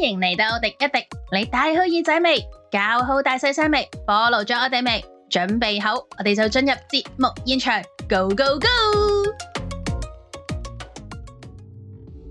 歡迎嚟到廸一廸，你帶好耳仔未？搞好大細聲未？暴露咗我哋未？準備好，我哋就進入節目現場，Go Go Go！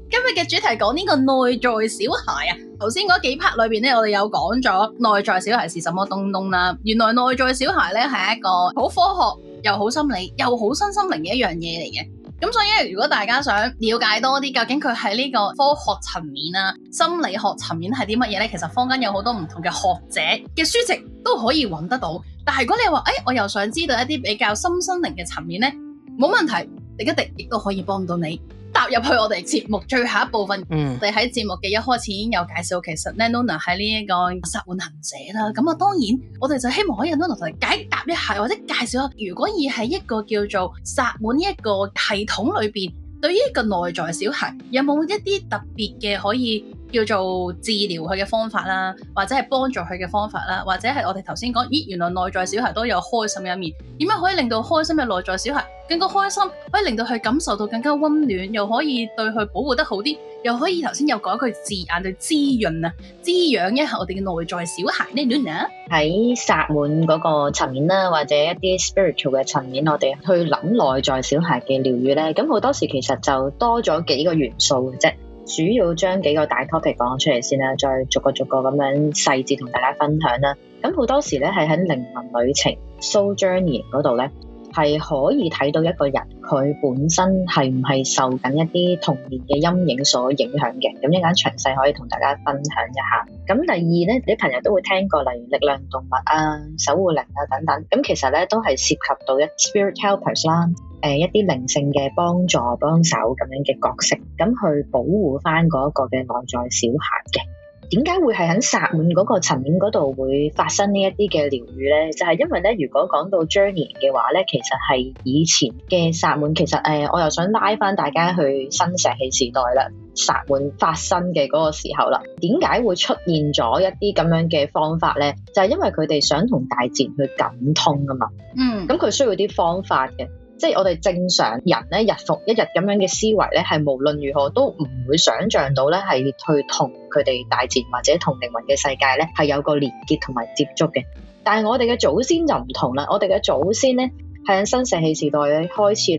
今日嘅主題講呢個內在小孩啊，頭先嗰幾 part 裏邊呢，我哋有講咗內在小孩是什麼東東啦。原來內在小孩呢係一個好科學又好心理又好身心靈嘅一樣嘢嚟嘅。咁所以如果大家想了解多啲，究竟佢喺呢個科學層面啊、心理學層面係啲乜嘢咧？其實坊間有好多唔同嘅學者嘅書籍都可以揾得到。但係如果你話，誒、哎，我又想知道一啲比較心身靈嘅層面咧，冇問題，迪一迪亦都可以幫到你。踏入去我哋節目最後一部分，嗯、我哋喺節目嘅一開始已經有介紹，其實 LUNA 喺呢一個薩滿行者啦。咁啊，當然我哋就希望可以 LUNA 同你解答一下，或者介紹下，如果以喺一個叫做薩滿一個系統裏邊，對於一個內在小孩，有冇一啲特別嘅可以？叫做治療佢嘅方法啦，或者係幫助佢嘅方法啦，或者係我哋頭先講，咦，原來內在小孩都有開心嘅一面，點樣可以令到開心嘅內在小孩更加開心，可以令到佢感受到更加溫暖，又可以對佢保護得好啲，又可以頭先又講佢字眼去滋潤啊、滋養一下我哋嘅內在小孩咧，Luna？喺薩滿嗰個層面啦，或者一啲 spiritual 嘅層面，我哋去諗內在小孩嘅療癒呢？咁好多時其實就多咗幾個元素嘅啫。主要將幾個大 topic 講出嚟先啦，再逐個逐個咁樣細節同大家分享啦。咁好多時咧，係喺靈魂旅程、Soul Journey 嗰度咧。係可以睇到一個人佢本身係唔係受緊一啲童年嘅陰影所影響嘅，咁一陣間詳細可以同大家分享一下。咁第二呢，啲朋友都會聽過例如力量動物啊、守護靈啊等等，咁其實呢，都係涉及到一 Spirit Helpers 啦，誒、呃、一啲靈性嘅幫助幫手咁樣嘅角色，咁去保護翻嗰個嘅內在小孩嘅。點解會係喺薩滿嗰個層面嗰度會發生呢一啲嘅療癒咧？就係、是、因為就係因為咧，如果講到 journey 嘅話咧，其實係以前嘅薩滿，其實誒、呃，我又想拉翻大家去新石器時代啦，薩滿發生嘅嗰個時候啦，點解會出現咗一啲咁樣嘅方法咧？就係因為佢哋想同大自然去感通㗎嘛。嗯。咁佢需要啲方法嘅。即係我哋正常人咧，日復一日咁樣嘅思維咧，係無論如何都唔會想像到咧係去同佢哋大自然或者同靈魂嘅世界咧係有個連結同埋接觸嘅。但係我哋嘅祖先就唔同啦，我哋嘅祖先咧係喺新石器時代開始，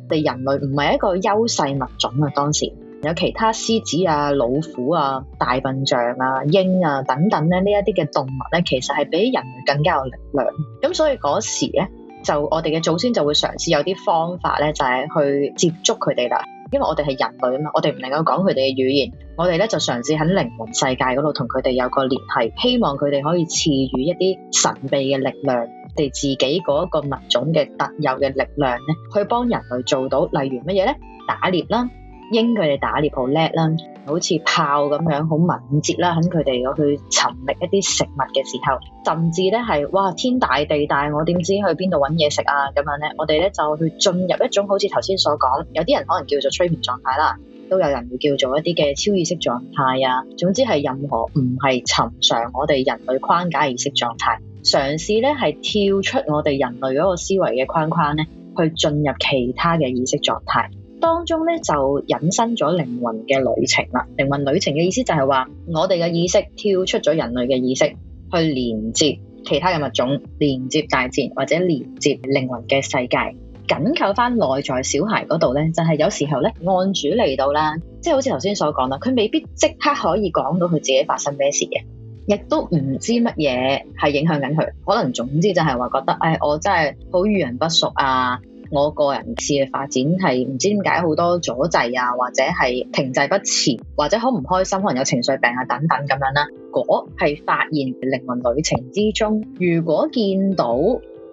我哋人類唔係一個優勢物種啊。當時有其他獅子啊、老虎啊、大笨象啊、鷹啊等等咧，呢一啲嘅動物咧，其實係比人類更加有力量。咁所以嗰時咧。就我哋嘅祖先就會嘗試有啲方法咧，就係去接觸佢哋啦。因為我哋係人類啊嘛，我哋唔能夠講佢哋嘅語言，我哋咧就嘗試喺靈魂世界嗰度同佢哋有個聯繫，希望佢哋可以賜予一啲神秘嘅力量，哋自己嗰個物種嘅特有嘅力量咧，去幫人類做到。例如乜嘢咧？打獵啦。因佢哋打獵好叻啦，好似豹咁樣好敏捷啦，等佢哋去尋覓一啲食物嘅時候，甚至咧係哇，天大地大，我點知去邊度揾嘢食啊咁樣咧？我哋咧就去進入一種好似頭先所講，有啲人可能叫做催眠狀態啦，都有人會叫做一啲嘅超意識狀態啊。總之係任何唔係尋常我哋人類框架意識狀態，嘗試咧係跳出我哋人類嗰個思維嘅框框咧，去進入其他嘅意識狀態。當中咧就引申咗靈魂嘅旅程啦，靈魂旅程嘅意思就係話我哋嘅意識跳出咗人類嘅意識，去連接其他嘅物種，連接大自然或者連接靈魂嘅世界。緊扣翻內在小孩嗰度咧，就係、是、有時候咧，案主嚟到啦，即係好似頭先所講啦，佢未必即刻可以講到佢自己發生咩事嘅，亦都唔知乜嘢係影響緊佢。可能總之就係話覺得，唉、哎，我真係好遇人不淑啊！我個人次嘅發展係唔知點解好多阻滯啊，或者係停滯不前，或者好唔開心，可能有情緒病啊等等咁樣啦。果係發現靈魂旅程之中，如果見到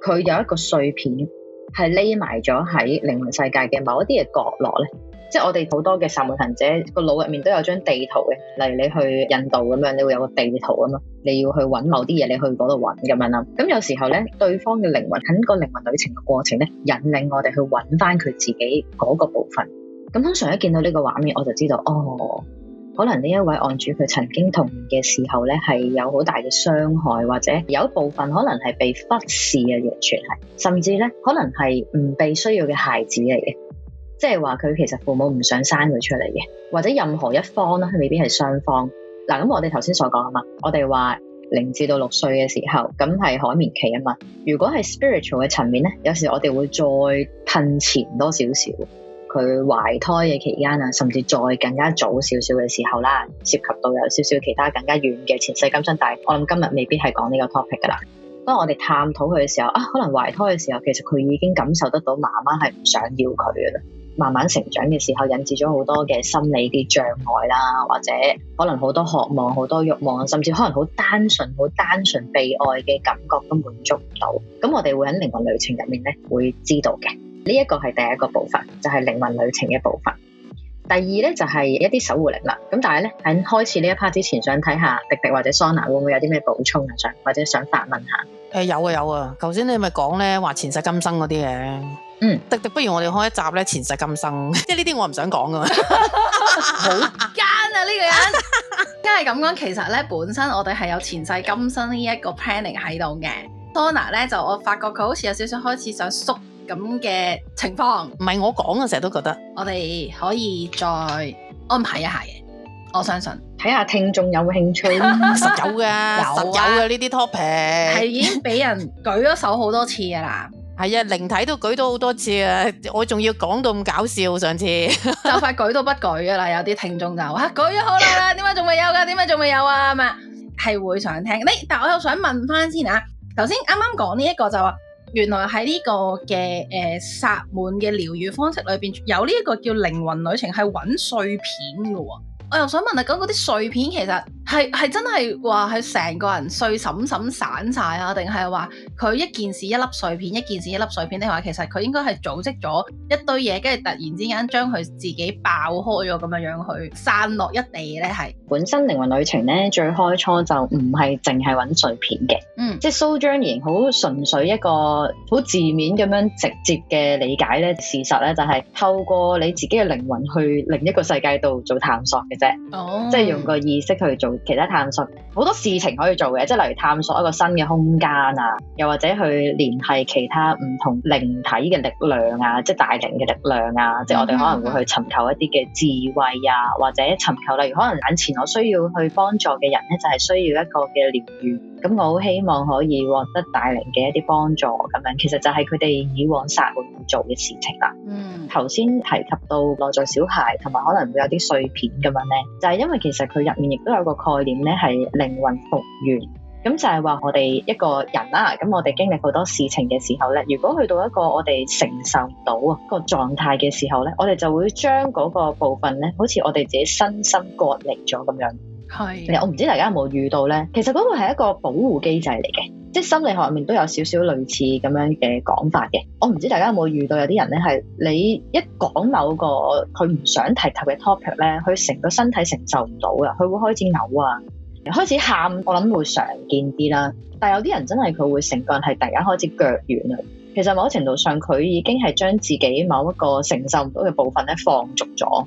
佢有一個碎片係匿埋咗喺靈魂世界嘅某一啲嘅角落咧。即係我哋好多嘅薩滿行者個腦入面都有張地圖嘅，例如你去印度咁樣，你會有個地圖咁樣，你要去搵某啲嘢，你去嗰度搵咁樣啦。咁有時候咧，對方嘅靈魂喺個靈魂旅程嘅過程咧，引領我哋去搵翻佢自己嗰個部分。咁通常一見到呢個畫面，我就知道哦，可能呢一位案主佢曾經童年嘅時候咧，係有好大嘅傷害，或者有一部分可能係被忽視嘅，完全係，甚至咧可能係唔被需要嘅孩子嚟嘅。即係話佢其實父母唔想生佢出嚟嘅，或者任何一方啦，未必係雙方。嗱，咁我哋頭先所講啊嘛，我哋話零至到六歲嘅時候，咁係海綿期啊嘛。如果係 spiritual 嘅層面咧，有時我哋會再褪前多少少，佢懷胎嘅期間啊，甚至再更加早少少嘅時候啦，涉及到有少少其他更加遠嘅前世今生，但係我諗今日未必係講呢個 topic 噶啦。當我哋探討佢嘅時候啊，可能懷胎嘅時候，其實佢已經感受得到媽媽係唔想要佢噶啦。慢慢成長嘅時候，引致咗好多嘅心理啲障礙啦，或者可能好多渴望、好多慾望，甚至可能好單純、好單純被愛嘅感覺都滿足唔到。咁我哋會喺靈魂旅程入面咧，會知道嘅。呢、這、一個係第一個部分，就係、是、靈魂旅程嘅部分。第二咧就係、是、一啲守護力量。咁但係咧喺開始呢一 part 之前想看看滴滴會會，想睇下廸廸或者 Sona 會唔會有啲咩補充啊？想或者想發問下。誒有啊有啊！頭先你咪講咧話前世今生嗰啲嘢。嗯，廸廸， 不如我哋開一集咧前世今生，即係呢啲我唔想講噶嘛，好奸啊呢個人！而家咁講，其實咧本身我哋係有前世今生呢一個 planning 喺度嘅。Sona 咧就我發覺佢好似有少少開始想縮咁嘅情況，唔係我講嘅，成日都覺得我哋可以再安排一下嘅，我相信睇下聽眾有冇興趣，實 有噶，有、啊、有嘅呢啲 topic 係已經俾人舉咗手好多次噶啦。係啊，靈體都舉咗好多次啊！我仲要講到咁搞笑，上次 就快舉都不舉噶啦，有啲聽眾就話、啊、舉咗好耐啦，點解仲未有㗎？點解仲未有啊？係咪係會想聽？誒，但我又想問翻先啊，頭先啱啱講呢一個就話，原來喺呢個嘅誒薩滿嘅療愈方式裏邊，有呢一個叫靈魂旅程，係揾碎片嘅喎、哦。我又想問下，講嗰啲碎片其實係係真係話係成個人碎冧冧散晒啊？定係話佢一件事一粒碎片，一件事一粒碎片的？定係話其實佢應該係組織咗一堆嘢，跟住突然之間將佢自己爆開咗咁樣樣去散落一地咧？係本身靈魂旅程咧最開初就唔係淨係揾碎片嘅，嗯，即係 Soul journey 好純粹一個好字面咁樣直接嘅理解咧，事實咧就係、是、透過你自己嘅靈魂去另一個世界度做探索嘅。啫，oh. 即係用個意識去做其他探索，好多事情可以做嘅，即係例如探索一個新嘅空間啊，又或者去聯繫其他唔同靈體嘅力量啊，即係大靈嘅力量啊，mm hmm. 即係我哋可能會去尋求一啲嘅智慧啊，或者尋求例如可能眼前我需要去幫助嘅人咧，就係需要一個嘅療愈。咁我好希望可以獲得大靈嘅一啲幫助，咁樣其實就係佢哋以往殺會做嘅事情啦。嗯。頭先提及到內在小孩同埋可能會有啲碎片咁樣咧，就係、是、因為其實佢入面亦都有個概念咧，係靈魂復原。咁就係話我哋一個人啦，咁我哋經歷好多事情嘅時候咧，如果去到一個我哋承受唔到個狀態嘅時候咧，我哋就會將嗰個部分咧，好似我哋自己身心割離咗咁樣。係，是我唔知大家有冇遇到咧，其實嗰個係一個保護機制嚟嘅，即係心理學入面都有少少類似咁樣嘅講法嘅。我唔知大家有冇遇到有啲人咧係，你一講某個佢唔想提及嘅 topic 咧，佢成個身體承受唔到啊，佢會開始嘔、呃、啊，開始喊，我諗會常見啲啦。但係有啲人真係佢會成個人係突然間開始腳軟啊。其實某程度上佢已經係將自己某一個承受唔到嘅部分咧，放逐咗。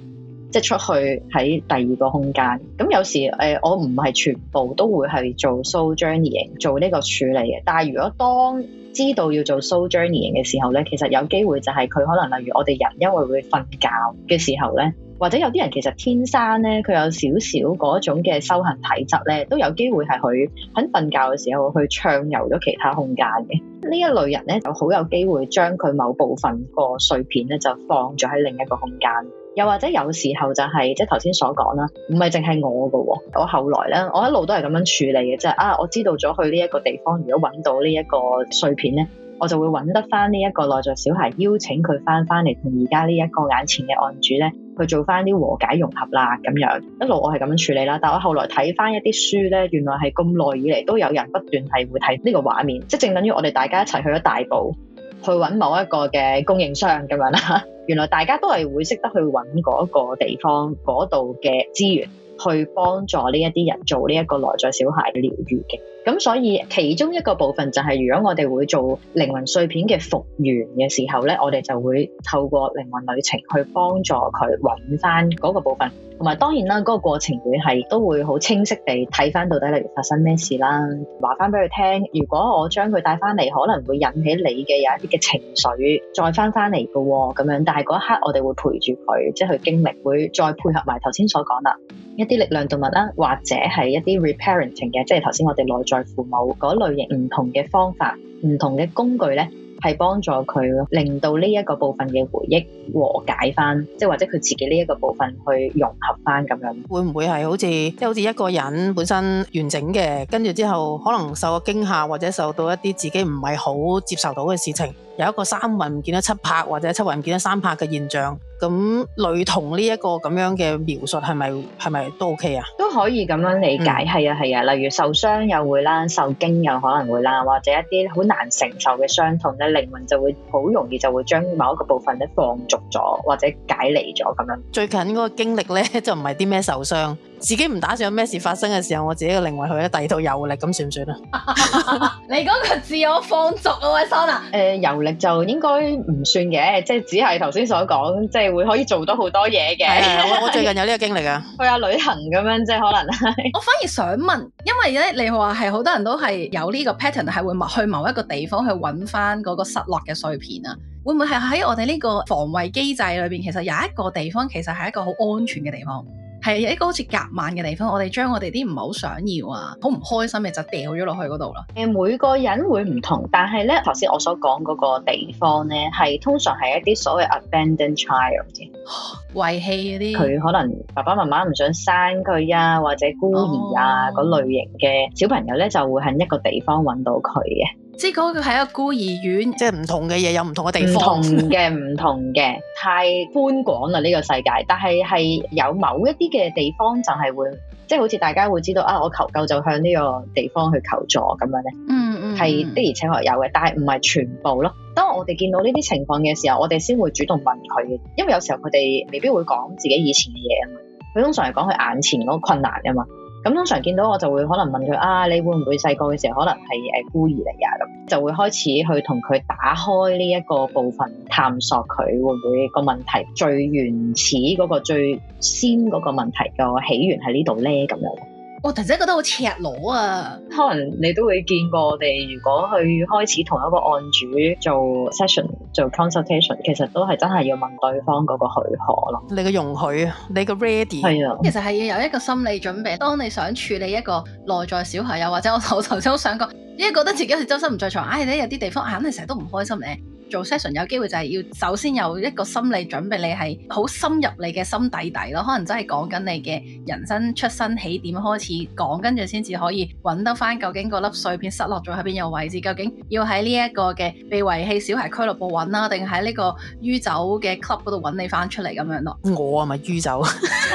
即係出去喺第二個空間，咁有時誒、呃，我唔係全部都會係做 Soul Journeying 做呢個處理嘅。但係如果當知道要做 Soul Journeying 嘅時候咧，其實有機會就係佢可能，例如我哋人因為會瞓覺嘅時候咧，或者有啲人其實天生咧，佢有少少嗰種嘅修行體質咧，都有機會係佢喺瞓覺嘅時候去暢遊咗其他空間嘅。呢一類人咧，就好有機會將佢某部分個碎片咧，就放咗喺另一個空間。又或者有時候就係即係頭先所講啦，唔係淨係我噶。我後來咧，我一路都係咁樣處理嘅啫。啊，我知道咗去呢一個地方，如果揾到呢一個碎片咧，我就會揾得翻呢一個內在小孩，邀請佢翻翻嚟，同而家呢一個眼前嘅案主咧，去做翻啲和解融合啦咁樣。一路我係咁樣處理啦。但係我後來睇翻一啲書咧，原來係咁耐以嚟都有人不斷係會睇呢個畫面，即係正等於我哋大家一齊去咗大埔去揾某一個嘅供應商咁樣啦。 原來大家都係會識得去揾嗰個地方，嗰度嘅資源去幫助呢一啲人做呢一個內在小孩療愈嘅。咁所以其中一個部分就係、那個，如果我哋會做靈魂碎片嘅復原嘅時候咧，我哋就會透過靈魂旅程去幫助佢揾翻嗰個部分，同埋當然啦，嗰個過程會係都會好清晰地睇翻到底例如發生咩事啦，話翻俾佢聽。如果我將佢帶翻嚟，可能會引起你嘅有一啲嘅情緒再翻翻嚟嘅喎，咁樣。但係嗰一刻我哋會陪住佢，即係佢經歷會再配合埋頭先所講啦。一啲力量動物啦，或者係一啲 reparenting 嘅，即係頭先我哋內在父母嗰類型唔同嘅方法、唔同嘅工具咧，係幫助佢令到呢一個部分嘅回憶和解翻，即係或者佢自己呢一個部分去融合翻咁樣。會唔會係好似即係好似一個人本身完整嘅，跟住之後可能受到驚嚇，或者受到一啲自己唔係好接受到嘅事情？有一個三魂唔見得七拍，或者七魂唔見得三拍嘅現象，咁類同呢一個咁樣嘅描述係咪係咪都 OK 啊？是是都可以咁、啊、樣理解，係、嗯、啊係啊，例如受傷又會啦，受驚又可能會啦，或者一啲好難承受嘅傷痛咧，靈魂就會好容易就會將某一個部分咧放逐咗，或者解離咗咁樣。最近嗰個經歷咧就唔係啲咩受傷。自己唔打算有咩事發生嘅時候，我自己個靈魂去咧第二度遊歷，咁算唔算啊？ 你嗰個自我放逐啊，Sona。誒，遊歷就應該唔算嘅，即係只係頭先所講，即係會可以做到好多嘢嘅。 我最近有呢個經歷啊。去下 旅行咁樣，即係可能。 我反而想問，因為咧你話係好多人都係有呢個 pattern，係會去某一個地方去揾翻嗰個失落嘅碎片啊？會唔會係喺我哋呢個防衛機制裏邊，其實有一個地方其實係一個好安全嘅地方？係一個好似夾萬嘅地方，我哋將我哋啲唔係好想要啊、好唔開心嘅就掉咗落去嗰度啦。誒，每個人會唔同，但係咧頭先我所講嗰個地方咧，係通常係一啲所謂 abandoned child、哦、遺棄嗰啲，佢可能爸爸媽媽唔想生佢啊，或者孤兒啊嗰、哦、類型嘅小朋友咧，就會喺一個地方揾到佢嘅。即係嗰個係一個孤兒院，即係唔同嘅嘢有唔同嘅地方，同嘅唔 同嘅，太寬廣啦呢、這個世界。但係係有某一啲嘅地方就係會，即係好似大家會知道啊，我求救就向呢個地方去求助咁樣咧、嗯。嗯嗯，係的而且確有嘅，但係唔係全部咯。當我哋見到呢啲情況嘅時候，我哋先會主動問佢嘅，因為有時候佢哋未必會講自己以前嘅嘢啊嘛。佢通常係講佢眼前嗰個困難啊嘛。咁通常見到我就會可能問佢啊，你會唔會細個嘅時候可能係誒孤兒嚟呀？咁就會開始去同佢打開呢一個部分，探索佢會唔會個問題最原始嗰個，最先嗰個問題個起源喺呢度咧咁樣。我突然覺得好赤裸啊，可能你都會見過我哋，如果去開始同一個案主做 session 做 consultation，其實都係真係要問對方嗰個許可咯，你嘅容許，你嘅 ready 係啊，的其實係要有一個心理準備，當你想處理一個內在小朋友，或者我我頭先好想講，因為覺得自己係周身唔在場，唉、哎，你有啲地方肯定成日都唔開心咧，啊。做 session 有機會就係要首先有一個心理準備，你係好深入你嘅心底底咯。可能真係講緊你嘅人生出生起點開始講，跟住先至可以揾得翻究竟個粒碎片失落咗喺邊有位置。究竟要喺呢一個嘅被遺棄小孩俱樂部揾啦、啊，定喺呢個酗酒嘅 club 度揾你翻出嚟咁樣咯？我啊咪酗酒，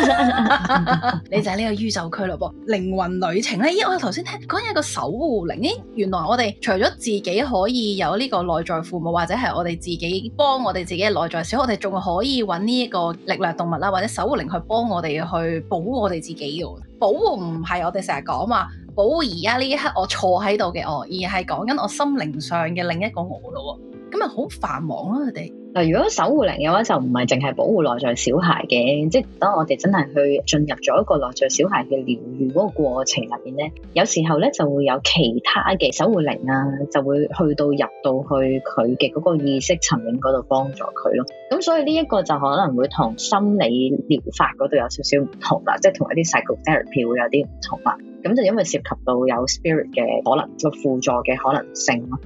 你就係呢個酗酒俱樂部靈魂旅程咧。咦，我頭先聽講一個守護靈咦，原來我哋除咗自己可以有呢個內在父母或者係～係我哋自己幫我哋自己嘅內在小孩，我哋仲可以揾呢一個力量動物啦，或者守護靈去幫我哋去保護我哋自己嘅。保護唔係我哋成日講話保護而家呢一刻我坐喺度嘅我，而係講緊我心靈上嘅另一個我咯。咁啊好繁忙啦、啊，佢哋。嗱，如果守護靈嘅話，就唔係淨係保護內在小孩嘅，即係當我哋真係去進入咗一個內在小孩嘅療愈嗰個過程入邊咧，有時候咧就會有其他嘅守護靈啊，就會去到入到去佢嘅嗰個意識層面嗰度幫助佢咯。咁所以呢一個就可能會同心理療法嗰度有少少唔同啦，即係同一啲細個 therapy 會有啲唔同啦。咁就因為涉及到有 spirit 嘅可能，個輔助嘅可能性咯。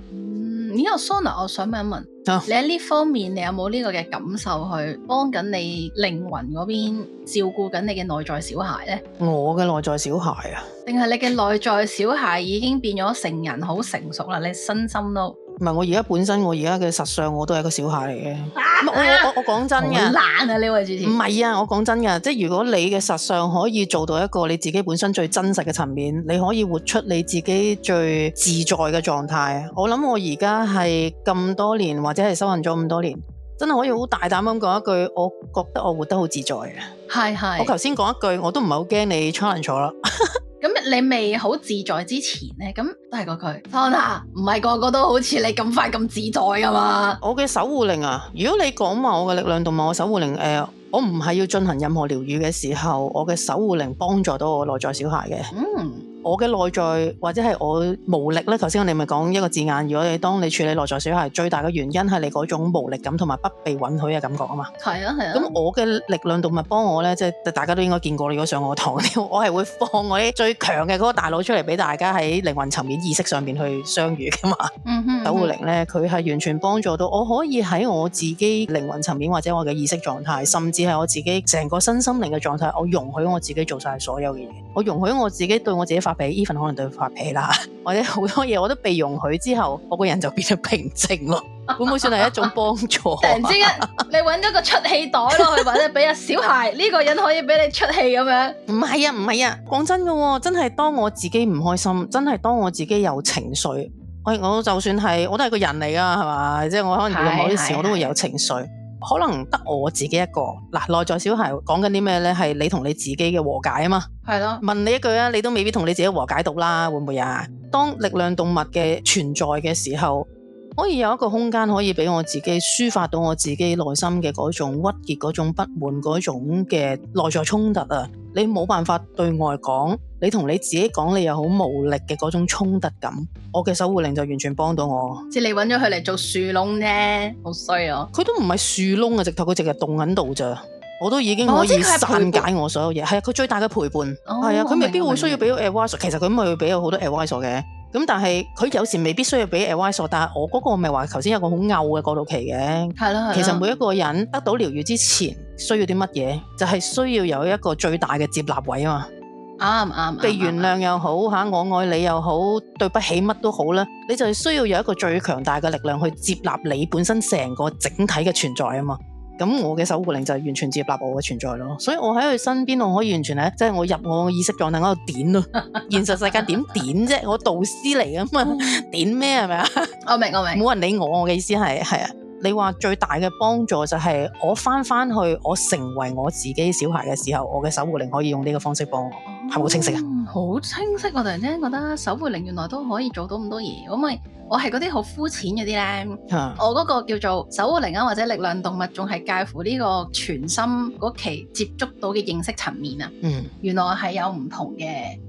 呢個 Sona，我想問一問，oh，你喺呢方面你有冇呢個嘅感受去幫緊你靈魂嗰邊照顧緊你嘅內在小孩呢？我嘅內在小孩啊，定係你嘅內在小孩已經變咗成人，好成熟啦，你身心都。唔係我而家本身，我而家嘅實相，我都係一個小孩嚟嘅。啊。我我我講真㗎，好難啊！呢位主持。唔係啊，我講真㗎，即係如果你嘅實相可以做到一個你自己本身最真實嘅層面，你可以活出你自己最自在嘅狀態。我諗我而家係咁多年，或者係修行咗咁多年。真係可以好大膽咁講一句，我覺得我活得好自在嘅。係係是。我頭先講一句，我都唔係好驚你 challenge 我啦。咁 你未好自在之前呢，咁都係個句。Tanya 唔係個個都好似你咁快咁自在噶嘛？我嘅守護靈啊，如果你講埋我嘅力量同埋我守護靈，誒、呃，我唔係要進行任何療癒嘅時候，我嘅守護靈幫助到我內在小孩嘅。嗯。我嘅內在或者係我無力咧，頭先我哋咪講一個字眼。如果你當你處理內在小孩，最大嘅原因係你嗰種無力感同埋不被允許嘅感覺啊嘛。係啊係啊。咁、啊、我嘅力量動物幫我咧，即係大家都應該見過，你如果上我堂，我係會放我啲最強嘅嗰個大佬出嚟俾大家喺靈魂層面意識上面去相遇嘅嘛，嗯。嗯哼。守護靈咧，佢係完全幫助到我可以喺我自己靈魂層面或者我嘅意識狀態，甚至係我自己成個身心靈嘅狀態，我容許我自己做晒所有嘅嘢，我容許我自己對我自己發俾伊可能就發脾啦，或者好多嘢我都被容許之後，我個人就變咗平靜咯。會唔會算係一種幫助？ 突然之間，你搵咗個出氣袋落 去，或者俾個小孩呢，這個人可以俾你出氣咁樣？唔係 啊，唔係啊，講真噶，哦，真係當我自己唔開心，真係當我自己有情緒，我我就算係我都係個人嚟噶，係嘛？即係我可能遇到某啲事，的我都會有情緒。可能得我自己一個嗱，內在小孩講緊啲咩咧？係你同你自己嘅和解啊嘛，的問你一句啊，你都未必同你自己和解到啦，會唔會啊？當力量動物嘅存在嘅時候。可以有一個空間可以俾我自己抒發到我自己內心嘅嗰種鬱結、嗰種不滿、嗰種嘅內在衝突啊！你冇辦法對外講，你同你自己講，你又好無力嘅嗰種衝突感。我嘅守護靈就完全幫到我，即係你揾咗佢嚟做樹窿啫，好衰啊！佢都唔係樹窿啊，直頭佢成日凍緊度咋？我都已經可以散解我所有嘢，係啊，佢最大嘅陪伴，係啊，佢、哦啊、未必會需要俾個 advise，其實佢咪會俾我好多 advise 嘅。咁但係佢有時未必需要俾 AI 索，但係我嗰個咪話頭先有個好拗嘅過渡期嘅。其實每一個人得到療愈之前需要啲乜嘢，就係、係、需要有一個最大嘅接納位啊嘛，啱唔啱？被原諒又好，我愛你又好，對不起乜都好啦，你就係需要有一個最強大嘅力量去接納你本身成個整體嘅存在啊嘛。咁我嘅守護靈就完全接納我嘅存在咯，所以我喺佢身邊，我可以完全係即係我入我嘅意識狀態嗰度點咯，現實世界點點啫， 我導師嚟㗎嘛， 點咩係咪啊？我明我明，冇人理我，我嘅意思係係啊。你話最大嘅幫助就係我翻翻去，我成為我自己小孩嘅時候，我嘅守護靈可以用呢個方式幫我，係咪、嗯、好清晰啊？好清晰，我突然間覺得守護靈原來都可以做到咁多嘢，好唔好？我係嗰啲好膚淺嗰啲咧，啊、我嗰個叫做守護靈啊或者力量動物，仲係介乎呢個全心嗰期接觸到嘅認識層面啊。嗯，原來係有唔同嘅，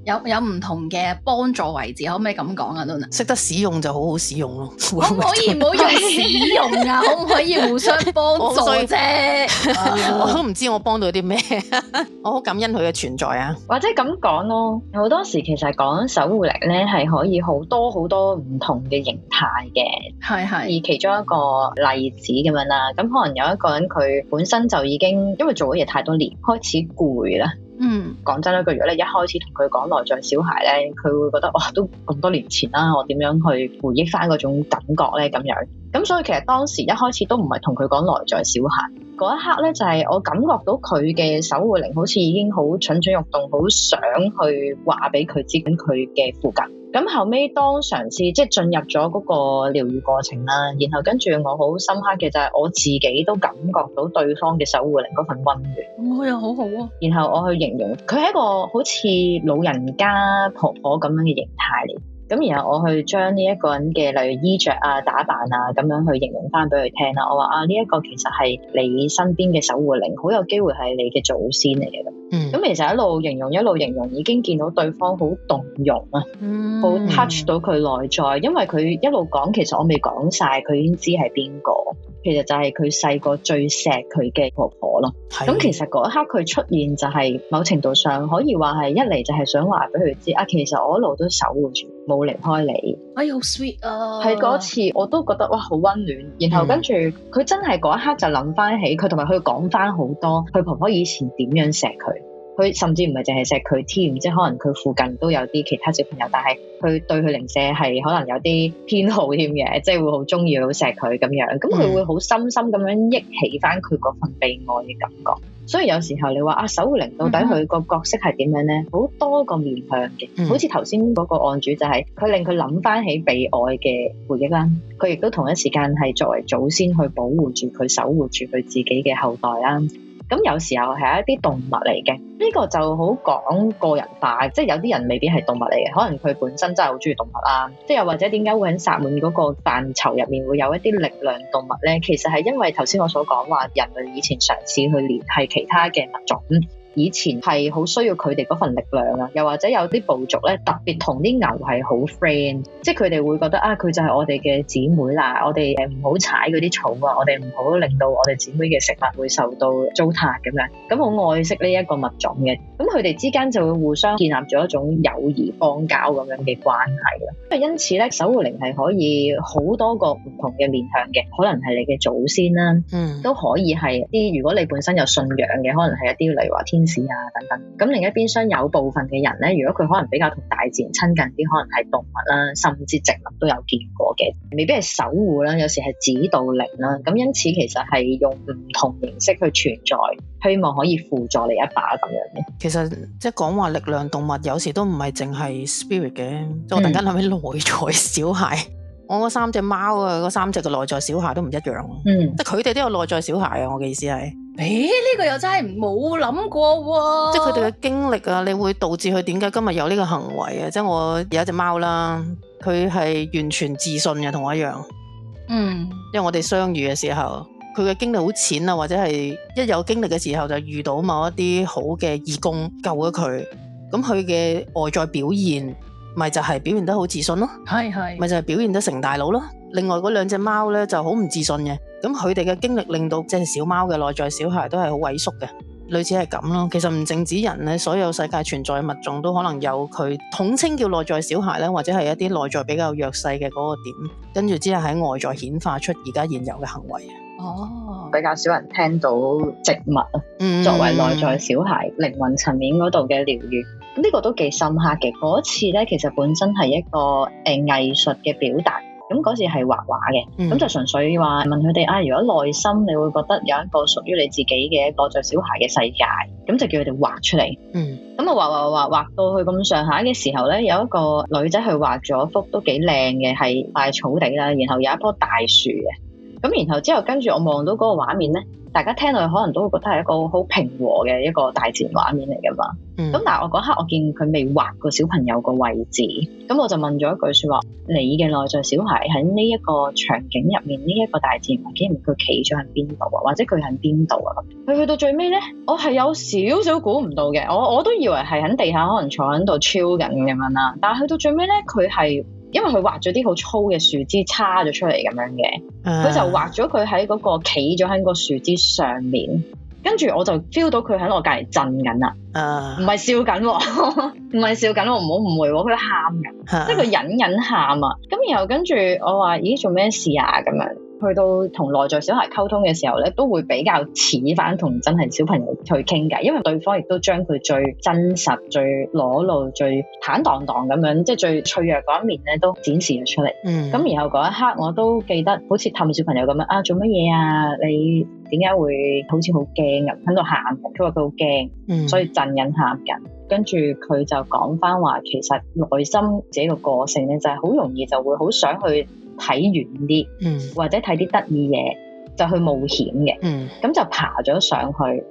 有有唔同嘅幫助位置，可唔可以咁講啊？d o n 識得使用就好好使用咯。可唔 可以唔好用使用啊？ 可唔可以互相幫助啫？啊、 我都唔知我幫到啲咩， 我好感恩佢嘅存在啊。或者咁講咯，好多時其實講守護力咧係可以好多好多唔同嘅形態嘅，係係，而其中一個例子咁樣啦，咁可能有一個人佢本身就已經因為做嘅嘢太多年，開始攰啦。嗯，講真咧，如果咧一開始同佢講內在小孩咧，佢會覺得哇、哦，都咁多年前啦，我點樣去回憶翻嗰種感覺咧？咁樣，咁所以其實當時一開始都唔係同佢講內在小孩。嗰一刻咧，就係、是、我感覺到佢嘅守護靈好似已經好蠢蠢欲動，好想去話俾佢知緊佢嘅附近。咁後尾，當嘗試即係進入咗嗰個療愈過程啦，然後跟住我好深刻嘅就係我自己都感覺到對方嘅守護靈嗰份溫暖。我又好好啊。然後我去形容佢係一個好似老人家婆婆咁樣嘅形態嚟。咁然後我去將呢一個人嘅，例如衣着啊、打扮啊，咁樣去形容翻俾佢聽啦。我話啊，呢、這、一個其實係你身邊嘅守護靈，好有機會係你嘅祖先嚟嘅。咁咁、嗯、其實一路形容一路形容，已經見到對方好動容啊，好、嗯、touch 到佢內在，因為佢一路講，其實我未講晒，佢已經知係邊個。其實就係佢細個最錫佢嘅婆婆咯。咁嗎其實嗰一刻佢出現就係某程度上可以話係一嚟，就係想話俾佢知啊，其實我一路都守護住，冇離開你。哎，好 sweet 啊！喺嗰次我都覺得哇，好溫暖。然後跟住佢、嗯、真係嗰一刻就諗翻起佢同埋佢講翻好多佢婆婆以前點樣錫佢。佢甚至唔係淨係錫佢添，即係可能佢附近都有啲其他小朋友，但係佢對佢零舍係可能有啲偏好添嘅，即係會好中意好錫佢咁樣。咁佢會好深深咁樣憶起翻佢嗰份被愛嘅感覺。所以有時候你話啊，守護靈到底佢個角色係點樣呢？好多個面向嘅，好似頭先嗰個案主就係佢令佢諗翻起被愛嘅回憶啦。佢亦都同一時間係作為祖先去保護住佢，守護住佢自己嘅後代啦。咁有時候係一啲動物嚟嘅，呢個就好講個人化，即係有啲人未必係動物嚟嘅，可能佢本身真係好中意動物啦，即係又或者點解會喺薩滿嗰個範疇入面會有一啲力量動物咧？其實，係因為頭先我所講話人類以前嘗試去聯繫其他嘅物種。以前係好需要佢哋嗰份力量啊，又或者有啲部族咧特別同啲牛係好 friend，即係佢哋會覺得啊，佢就係我哋嘅姊妹啦，我哋唔好踩嗰啲草啊，我哋唔好令到我哋姊妹嘅食物會受到糟蹋咁樣，咁好愛惜呢一個物種嘅，咁佢哋之間就會互相建立咗一種友誼邦交咁樣嘅關係啦。因為因此咧，守護靈係可以好多個唔同嘅面向嘅，可能係你嘅祖先啦，嗯，都可以係啲如果你本身有信仰嘅，可能係一啲例如話天。天使啊，等等。咁另一邊廂有部分嘅人咧，如果佢可能比較同大自然親近啲，可能係動物啦，甚至植物都有見過嘅，未必係守護啦，有時係指導靈啦。咁因此其實係用唔同形式去存在，希望可以輔助你一把咁樣嘅。其實即係講話力量動物，有時都唔係淨係 spirit 嘅。即係、嗯、我突然間諗起內在， 在、嗯、在小孩，我嗰三隻貓啊，嗰三隻嘅內在小孩都唔一樣。嗯，即係佢哋都有內在小孩啊！我嘅意思係。誒，呢個又真係冇諗過喎！即係佢哋嘅經歷啊，你會導致佢點解今日有呢個行為啊。即係我有一隻貓啦，佢係完全自信嘅，同我一樣。嗯，因為我哋相遇嘅時候，佢嘅經歷好淺啊，或者係一有經歷嘅時候就遇到某一啲好嘅義工救咗佢，咁佢嘅外在表現咪就係表現得好自信咯。係係，咪就係表現得成大佬咯。另外嗰兩隻貓咧就好唔自信嘅。咁佢哋嘅經歷令到，即係小貓嘅內在小孩都係好萎縮嘅，類似係咁咯。其實唔淨止人咧，所有世界存在物種都可能有佢統稱叫內在小孩咧，或者係一啲內在比較弱勢嘅嗰個點，跟住之後喺外在顯化出而家現有嘅行為。哦，比較少人聽到植物啊，嗯、作為內在小孩靈魂層面嗰度嘅療愈，咁呢個都幾深刻嘅。嗰次咧，其實本身係一個誒、呃、藝術嘅表達。咁嗰時係畫畫嘅，咁就純粹話問佢哋啊，如果內心你會覺得有一個屬於你自己嘅一個着小孩嘅世界，咁就叫佢哋畫出嚟。嗯，咁啊畫畫畫畫到去咁上下嘅時候咧，有一個女仔佢畫咗幅都幾靚嘅，係塊草地啦，然後有一棵大樹嘅，咁然後之後跟住我望到嗰個畫面咧。大家聽到可能都會覺得係一個好平和嘅一個大自然畫面嚟㗎嘛。咁、嗯、但係我嗰刻我見佢未畫個小朋友個位置，咁我就問咗一句説話：你嘅內在小孩喺呢一個場景入面，呢、呢、一個大自然畫面，佢企咗喺邊度啊？或者佢喺邊度啊？佢去到最尾咧，我係有少少估唔到嘅。我我都以為係喺地下可能坐喺度超緊咁樣啦。但係去到最尾咧，佢係。因為佢畫咗啲好粗嘅樹枝叉咗出嚟咁樣嘅，佢、uh, 就畫咗佢喺嗰個企咗喺個樹枝上面，跟住我就 feel 到佢喺我隔離震緊啦，唔係、uh, 笑緊、哦，唔係笑緊，我唔好誤會，佢喊緊，uh, 即係佢隱隱喊啊，咁然後跟住我話，咦，做咩事啊咁樣？去到同內在小孩溝通嘅時候咧，都會比較似翻同真係小朋友去傾偈，因為對方亦都將佢最真實、最裸露、最坦蕩蕩咁樣，即係最脆弱嗰一面咧，都展示咗出嚟。嗯。咁然後嗰一刻，我都記得好似氹小朋友咁樣啊，做乜嘢啊？你點解會好似好驚啊？喺度喊，佢話佢好驚，所以震緊喊緊。嗯、跟住佢就講翻話，其實內心自己個個性咧，就係好容易就會好想去。睇遠啲，嗯、或者睇啲得意嘢，就去冒險嘅。咁、嗯、就爬咗上去。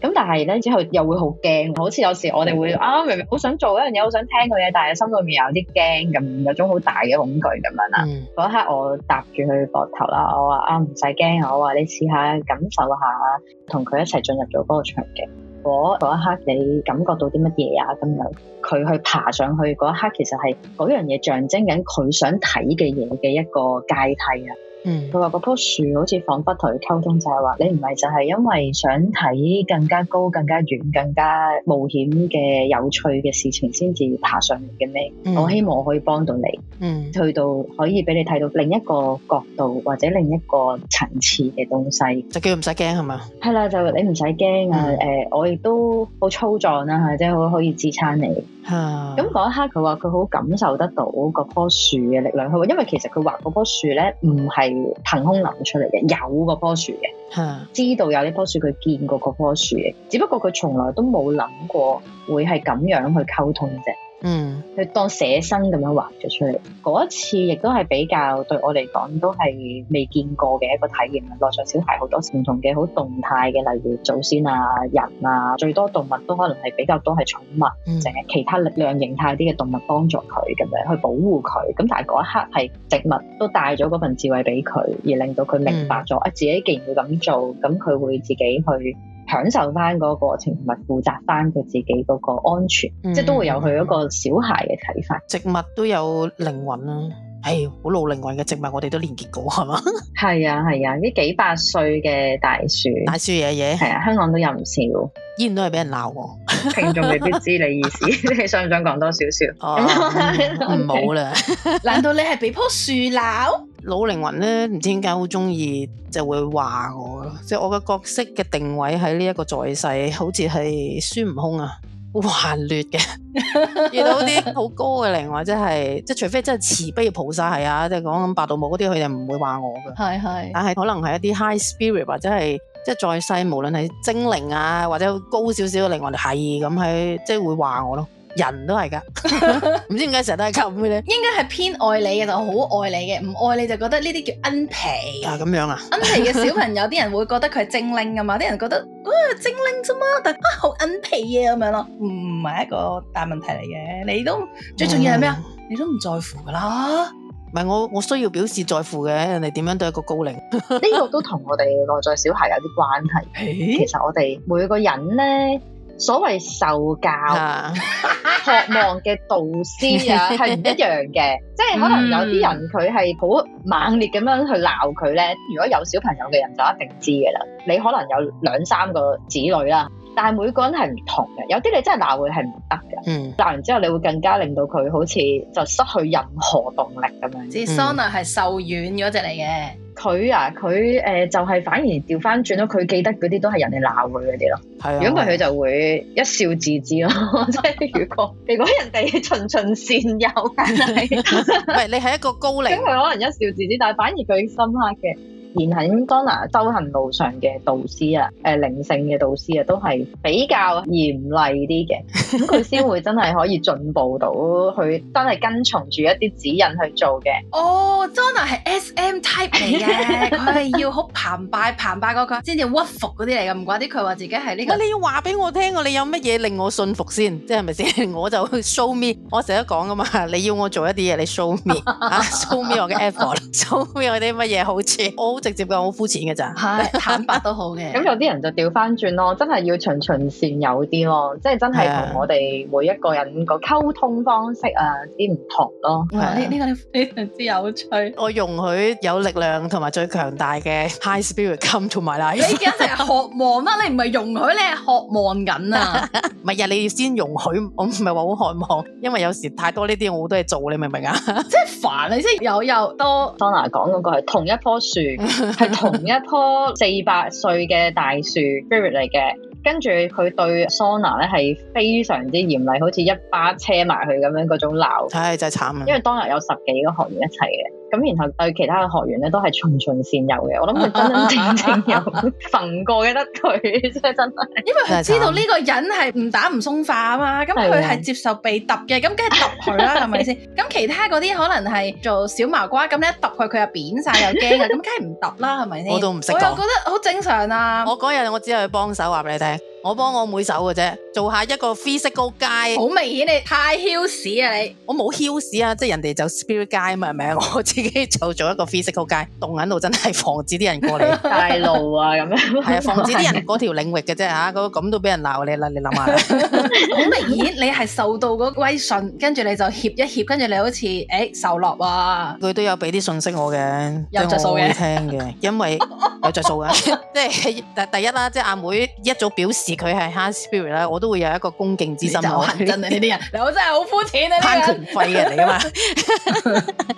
咁但係咧之後又會好驚，好似有時我哋會、嗯、啊明明好想做一樣嘢，好想聽佢嘢，但係心裏面有啲驚，咁有種好大嘅恐懼咁樣啦。嗰、嗯、一刻我搭住佢膊頭啦，我話啊唔使驚，我話你試下感受下，同佢一齊進入咗嗰個場景。果嗰一刻你感覺到啲乜嘢啊？咁樣佢去爬上去嗰一刻，其實係嗰樣嘢象徵緊佢想睇嘅嘢嘅一個階梯啊。佢話嗰樖樹好似仿佛同佢溝通，就係話你唔係就係因為想睇更加高、更加遠、更加冒險嘅有趣嘅事情先至爬上面嘅咩？嗯、我希望我可以幫到你，嗯、去到可以俾你睇到另一個角度或者另一個層次嘅東西。就叫佢唔使驚係嘛？係啦，就你唔使驚啊！誒、就是，我亦都好粗壯啦，嚇，即係好可以支撐你嚇。咁嗰、嗯、一刻佢話佢好感受得到嗰樖樹嘅力量。佢話因為其實佢畫嗰樖樹咧唔係憑空諗出嚟嘅，有嗰棵樹嘅，嗯、知道有呢棵樹，佢見過嗰棵樹嘅，只不過佢從來都冇諗過會係咁樣去溝通啫。嗯，去當寫生咁樣畫咗出嚟。嗰一次亦都係比較對我嚟講都係未見過嘅一個體驗。內在小孩好多唔同嘅好動態嘅，例如祖先啊、人啊，最多動物都可能係比較多係寵物，淨係、嗯、其他力量形態啲嘅動物幫助佢咁樣去保護佢。咁但係嗰一刻係植物都帶咗嗰份智慧俾佢，而令到佢明白咗、嗯、啊自己既然要咁做，咁佢會自己去。享受翻嗰個過程，同埋負責翻佢自己嗰個安全，嗯嗯、即係都會有佢一個小孩嘅睇法。植物都有靈魂咯，係、哎、好老靈魂嘅植物，我哋都連結過，係嘛？係啊係啊，呢、啊、幾百歲嘅大樹，大樹爺爺係啊，香港都有唔少，依然都係俾人鬧。 聽眾未必知你意思， 你想唔想講多少少？唔好啦，難道你係俾棵樹鬧？老靈魂呢，唔知點解好鍾意就會話我囉，即、就是、我嘅角色嘅定位喺呢一個在世，好似係孫悟空啊，好頑劣嘅，遇 到啲好高嘅靈魂，即係即除非真係慈悲菩薩係啊，即係講緊白度母嗰啲，佢哋唔會話我嘅。係係是。但係可能係一啲 high spirit 或者係即在世，無論係精靈啊或者高少少嘅靈魂，係咁喺即會話我咯。人都係噶，唔 知點解成日都係咁嘅。咧。 應該係偏愛你嘅，就好愛你嘅，唔愛你就覺得呢啲叫奀皮啊咁樣啊？奀皮嘅小朋友，啲 人會覺得佢係精靈啊嘛，啲人覺得哇精靈咋嘛，但啊好奀皮啊咁樣咯，唔、嗯、係一個大問題嚟嘅。你都最重要係咩啊？嗯、你都唔在乎噶啦，唔係我我需要表示在乎嘅，人哋點樣都係一個高齡，呢 個都同我哋內在小孩有啲關係。 其實我哋每個人咧。所謂受教、渴望嘅導師啊，係唔一樣嘅，即係可能有啲人佢係好猛烈咁樣去鬧佢咧。如果有小朋友嘅人就一定知嘅啦。你可能有兩三個子女啦。但係每個人係唔同嘅，有啲你真係鬧佢係唔得嘅，鬧、嗯、完之後你會更加令到佢好似就失去任何動力咁樣。Sona 係受軟嗰隻嚟嘅，佢啊佢誒、呃、就係、是、反而調翻轉咯，佢記得嗰啲都係人哋鬧佢嗰啲咯。係、啊，如果佢就會一笑置之咯。即係 如果如果人哋循循善誘但係，喂 你係一個高靈，佢 可能一笑置之，但係反而佢深刻嘅。現喺 Donna 修行路上嘅導師啊，誒、呃、靈性嘅導師啊，都係比較嚴厲啲嘅，咁佢先會真係可以進步到去，真係跟從住一啲指引去做嘅。哦、oh，Donna 係 S.M. type 嚟嘅，佢係 要好澎湃澎湃嗰個先至屈服嗰啲嚟嘅，唔怪啲佢話自己係呢、這個。你要話俾我聽喎，你有乜嘢令我信服先？即係咪先？我就 show me，我成日都講噶嘛，你要我做一啲嘢，你 show me 啊、 uh，show me 我嘅 effort，show me 我啲乜嘢好處。直接嘅好膚淺嘅咋，的坦白都好嘅。咁 有啲人就掉翻轉咯，真係要循循善誘啲咯，即係真係同我哋每一個人個溝通方式啊，啲唔同咯。呢啊的，呢、呢個非常之有趣。我容許有力量同埋最強大嘅 High Spirit come to my life 你而家成日渴望啦，你唔係容許你係渴望緊啊？唔係 啊，你先容許。我唔係話好渴望，因為有時太多呢啲我好多嘢做，你明唔明啊？即係煩你即係有有，有多。Donna 講嗰個係同一棵樹。 係 同一棵四百歲嘅大樹，spirit 嚟嘅。跟住佢對 sona 咧係非常之嚴厲，好似一巴車埋佢咁樣嗰種鬧，係真係慘啊！因為當日有十幾個學員一齊嘅，咁然後對其他嘅學員咧都係循循善誘嘅，我諗佢真真正正有馴過嘅得佢，真係真係。因為佢知道呢個人係唔打唔鬆化啊嘛，咁佢係接受被揼嘅，咁梗係揼佢啦，係咪先？咁其他嗰啲可能係做小麻瓜咁咧揼佢，佢 又扁晒，又驚啊，咁梗係唔揼啦，係咪先？我都唔識。我就覺得好正常啊！我嗰日我只係去幫手話俾你聽。我幫我妹手嘅啫，做下一個 physical 街，好明顯你太囂屎啊！你我冇囂屎啊，即係人哋就 spirit 街啊嘛，係咪啊？我自己就做一個 physical 街，棟緊度真係防止啲人過嚟帶路啊，咁樣係啊，防止啲人嗰條領域嘅啫吓，咁咁都俾人鬧你嘅啦，你諗下，好明顯你係受到嗰個威信，跟住你就協一協，跟住你好似誒受落喎，佢都有俾啲信息我嘅，有著數嘅，聽嘅，因為有著數嘅，即係第第一啦，即係阿妹一早表。表示佢係 hard spirit 咧，我都會有一個恭敬之心。我行真啊，呢啲人，嗱我真係好膚淺啊，攀權貴嘅人嚟噶嘛，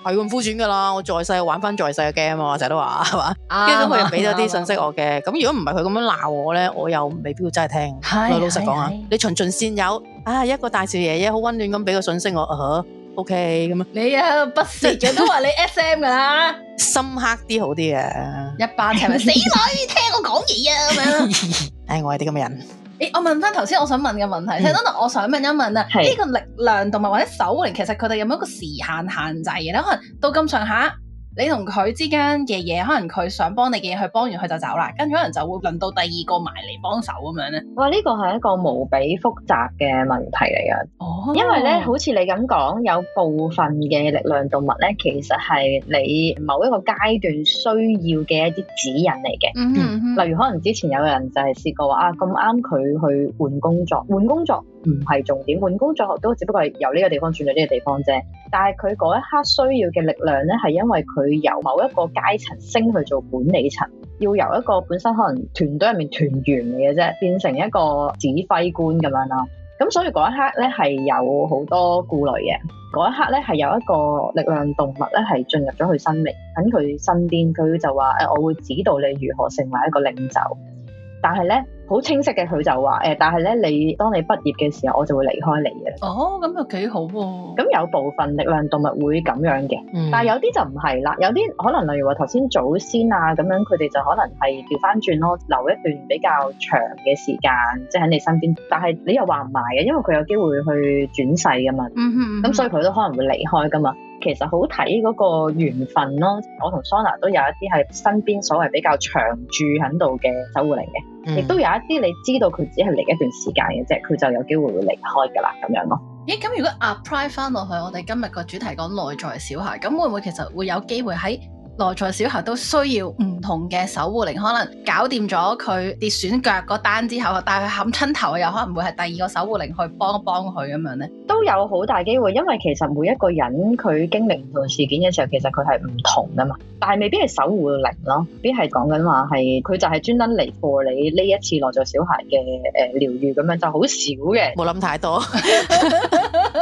係咁膚淺噶啦。我再細玩翻再細嘅 game 啊，我成日都話係嘛，跟住佢又俾咗啲信息我嘅。咁如果唔係佢咁樣鬧我咧，我又未必要真係聽。係老實講啊，你循循善誘，啊，一個大少爺爺好溫暖咁俾個信息我。O K，咁啊，你啊不食嘅都話你 S M 噶啦。 深刻啲好啲啊，一班係咪 死女聽我講嘢啊咁樣，唉、 哎，我係啲咁嘅人。誒、欸，我問翻頭先我想問嘅問題，等等、嗯，當我想問一問啊，呢是個力量同埋或者手靈，其實佢哋有冇一個時限限制嘅咧？可能到咁上下。你同佢之間嘅嘢，可能佢想幫你嘅嘢，去幫完佢就走啦，跟住可能就會輪到第二個埋嚟幫手咁樣咧。哇！呢個係一個無比複雜嘅問題嚟嘅。哦，因為咧，好似你咁講，有部分嘅力量動物咧，其實係你某一個階段需要嘅一啲指引嚟嘅。嗯哼嗯哼嗯，例如，可能之前有人就係試過話啊，咁啱佢去換工作，換工作。唔係重點，換工作後都只不過係由呢個地方轉到呢個地方啫。但係佢嗰一刻需要嘅力量呢，係因為佢由某一個階層升去做管理層，要由一個本身可能團隊入面團員嚟嘅啫，變成一個指揮官咁樣啦。咁所以嗰一刻呢，係有好多顧慮嘅。嗰一刻呢，係有一個力量動物呢，係進入咗佢生命，喺佢身邊，佢就話：誒、哎，我會指導你如何成為一個領袖。但係咧，好清晰嘅，佢就話誒、欸，但係咧，你當你畢業嘅時候，我就會離開你嘅。哦，咁又幾好喎、啊。咁有部分力量動物會咁樣嘅，嗯、但係有啲就唔係啦。有啲可能例如話頭先祖先啊，咁樣，佢哋就可能係調翻轉咯，留一段比較長嘅時間，即係喺你身邊。但係你又話唔埋嘅，因為佢有機會去轉世噶嘛。嗯哼，嗯哼。咁所以佢都可能會離開噶嘛。其實好睇嗰個緣分咯、啊，我同 Sona 都有一啲係身邊所謂比較長住喺度嘅守護靈嘅，亦、嗯、都有一啲你知道佢只係嚟一段時間嘅啫，佢就有機會會離開㗎啦，咁樣咯。咦、嗯，咁 如果 apply 翻落去，我哋今日個主題講內在小孩，咁會唔會其實會有機會喺？內在小孩都需要唔同嘅守護靈，可能搞掂咗佢跌損腳嗰單之後，但係佢冚親頭又可能會係第二個守護靈去幫一幫佢咁樣咧。都有好大機會，因為其實每一個人佢經歷唔同事件嘅時候，其實佢係唔同噶嘛，但係未必係守護靈咯，未必係講緊話係佢就係專登嚟過你呢一次內在小孩嘅誒療愈咁樣，就好少嘅，冇諗太多，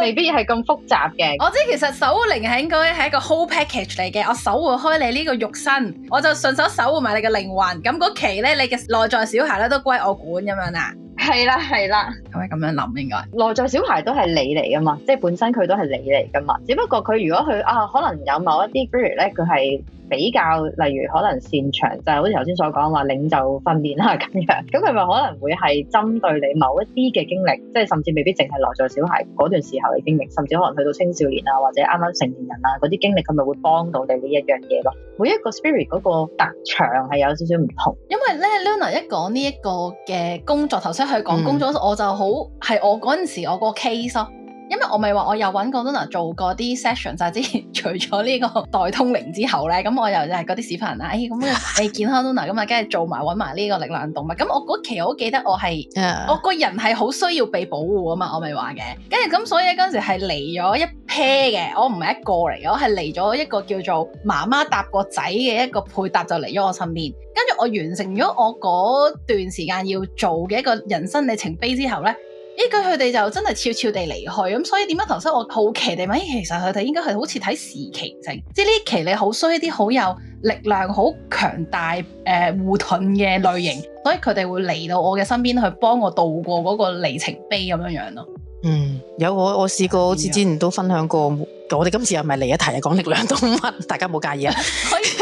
未必係咁 複雜嘅。 我知其實守護靈係應該係一個 whole package 嚟嘅，我守護開。你呢個肉身，我就順手守護埋你嘅靈魂，咁嗰期咧，你嘅內在小孩咧都歸我管咁樣啦。係啦，係啦，咁樣咁樣諗應該內在小孩都係你嚟噶嘛，即係本身佢都係你嚟噶嘛。只不過佢如果佢啊，可能有某一啲 spirit 咧，佢係比較，例如可能擅長就係好似頭先所講話領袖訓練啦咁樣。咁佢咪可能會係針對你某一啲嘅經歷，即係甚至未必淨係內在小孩嗰段時候嘅經歷，甚至可能去到青少年啊，或者啱啱成年人啊嗰啲經歷，佢咪會幫到你呢一樣嘢咯。每一個 spirit 嗰個特長係有少少唔同。因為咧，Luna 一講呢一個嘅工作頭先。去講工作，嗯、我就好係我嗰陣時我個 case 咯，因為我咪話我又揾過 Luna 做過啲 session，就係之前除咗呢個代通靈之後咧，咁我又就係嗰啲視頻啊，咁、哎、誒健康 Luna 咁啊，跟住 做埋揾埋呢個力量動物。咁我嗰期我都記得我係、uh. 我個人係好需要被保護啊嘛，我咪話嘅，跟住咁所以嗰陣時係嚟咗一。車嘅，嗯，我唔係一個嚟嘅，我係嚟咗一個叫做媽媽搭個仔嘅一個配搭就嚟咗我身邊，跟住我完成咗我嗰段時間要做嘅一個人生里程碑之後呢，咦？佢佢哋就真係悄悄地離開，咁所以點解頭先我好奇地問，咦？其實佢哋應該係好似睇時期症，即係呢期你好衰啲，好有力量，好強大誒、呃、護盾嘅類型，所以佢哋會嚟到我嘅身邊去幫我渡過嗰個里程碑咁樣樣咯。嗯，有我我試過，好似 之前都分享過。我哋今次係咪嚟一題啊？講力量動物，大家冇介意啊？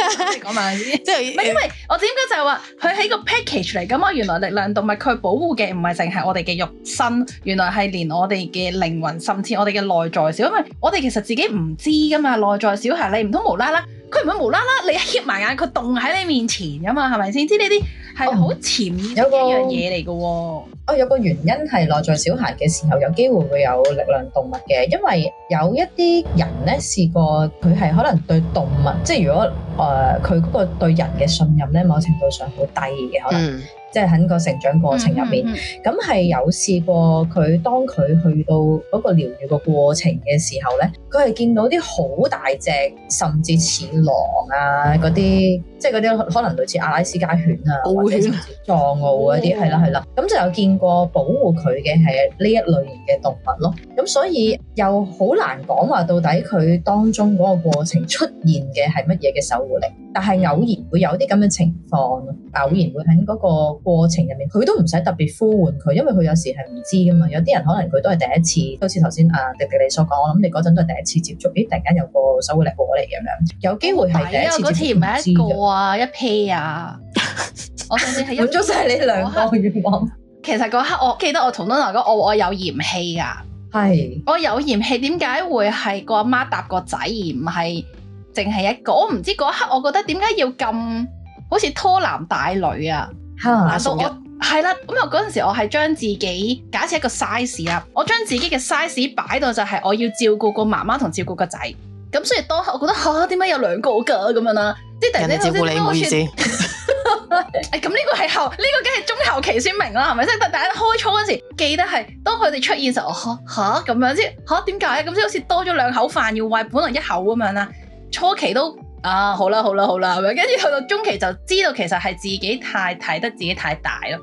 講慢啲，即係唔係因為我點解就係話佢係個 package 嚟㗎嘛。原來力量動物佢保護嘅唔係淨係我哋嘅肉身，原來係連我哋嘅靈魂，甚至我哋嘅內在小，因為我哋其實自己唔知噶嘛，內在小孩端端端端你唔通，無啦啦，佢唔會無啦啦，你掀埋眼佢凍喺你面前噶嘛，係咪先？知呢啲係好潛意識一樣嘢嚟噶。哦，有個、哦、有個原因係內在小孩嘅時候有機會會有力量動物嘅，因為有一啲人咧試過佢係可能對動物，即係如果誒。呃誒，佢嗰個對人嘅信任咧，某程度上好低嘅可能。 即係喺個成長過程入面，咁係、嗯嗯嗯、有試過佢當佢去到嗰個療癒個過程嘅時候咧，佢係見到啲好大隻，甚至似狼啊嗰啲，嗯、即係嗰啲可能類似阿拉斯加犬啊，甚至似藏獒嗰啲係啦係啦，咁、啊嗯、就有見過保護佢嘅係呢一類型嘅動物咯。咁所以又好難講話到底佢當中嗰個過程出現嘅係乜嘢嘅守護力，但係偶然會有啲咁嘅情況，偶然會喺嗰、嗰個過程入面，佢都唔使特別呼喚佢，因為佢有時係唔知噶嘛。有啲人可能佢都係第一次，好似頭先啊迪迪你所講，我諗你嗰陣都係第一次接觸，咦突然間有個手會嚟過嚟咁樣，有機會係第一次接觸因為、啊、嗰次唔係一個啊，一 pair 啊， 我甚至係滿足晒你兩個。其實嗰刻我記得我同 d o n a l 講我我有嫌棄啊。係 我有嫌棄，點解會係個阿媽搭個仔而唔係淨係一個？我唔知嗰一刻我覺得點解要咁好似拖男帶女啊？啊！係啦 Hello,，咁我嗰陣時我係將自己假設一個 size 啊，我將自己嘅 size 擺到就係我要照顧個媽媽同照顧個仔，咁所以當刻，我覺得嚇點解有兩個㗎咁樣啦、啊？即係人哋照顧你嘅意思。誒咁呢個係後，呢、呢個梗係中後期先明啦，係咪？即係第一開初嗰時，記得係當佢哋出現時候，嚇嚇咁樣先嚇點解？咁、啊、即好似多咗兩口飯要餵，本來一口咁樣啦，初期都。啊，好啦好啦好啦，咁樣跟住去到中期就知道，其實係自己太睇得自己太大咯。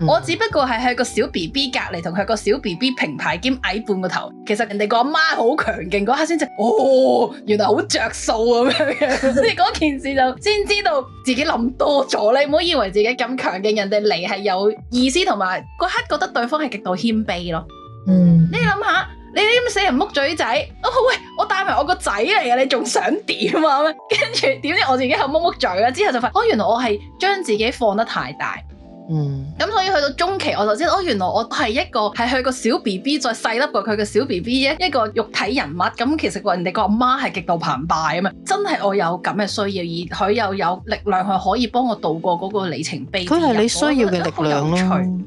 嗯、我只不過係喺個小 B B 隔籬同佢個小 B B 平排兼矮半個頭。其實人哋個阿媽好強勁，嗰刻先知哦，原來好着數咁樣。即係嗰件事就先知道自己諗多咗。你唔好以為自己咁強勁，人哋嚟係有意思，同埋嗰刻覺得對方係極度謙卑咯。嗯，你諗下。你啲咁死人木嘴仔，哦喂，我帶埋我個仔嚟嘅，你仲想點啊？跟住點知我自己係木木嘴啦，之後就發覺，哦，原來我係將自己放得太大。嗯，咁所以去到中期我就知道哦，原來我都係一個係佢個小 B B 再細粒過佢嘅小 B B 一一個肉體人物，咁其實人哋個阿媽係極度澎湃啊嘛，真係我有咁嘅需要，而佢又有力量去可以幫我渡過嗰個里程碑。佢係你需要嘅力量咯，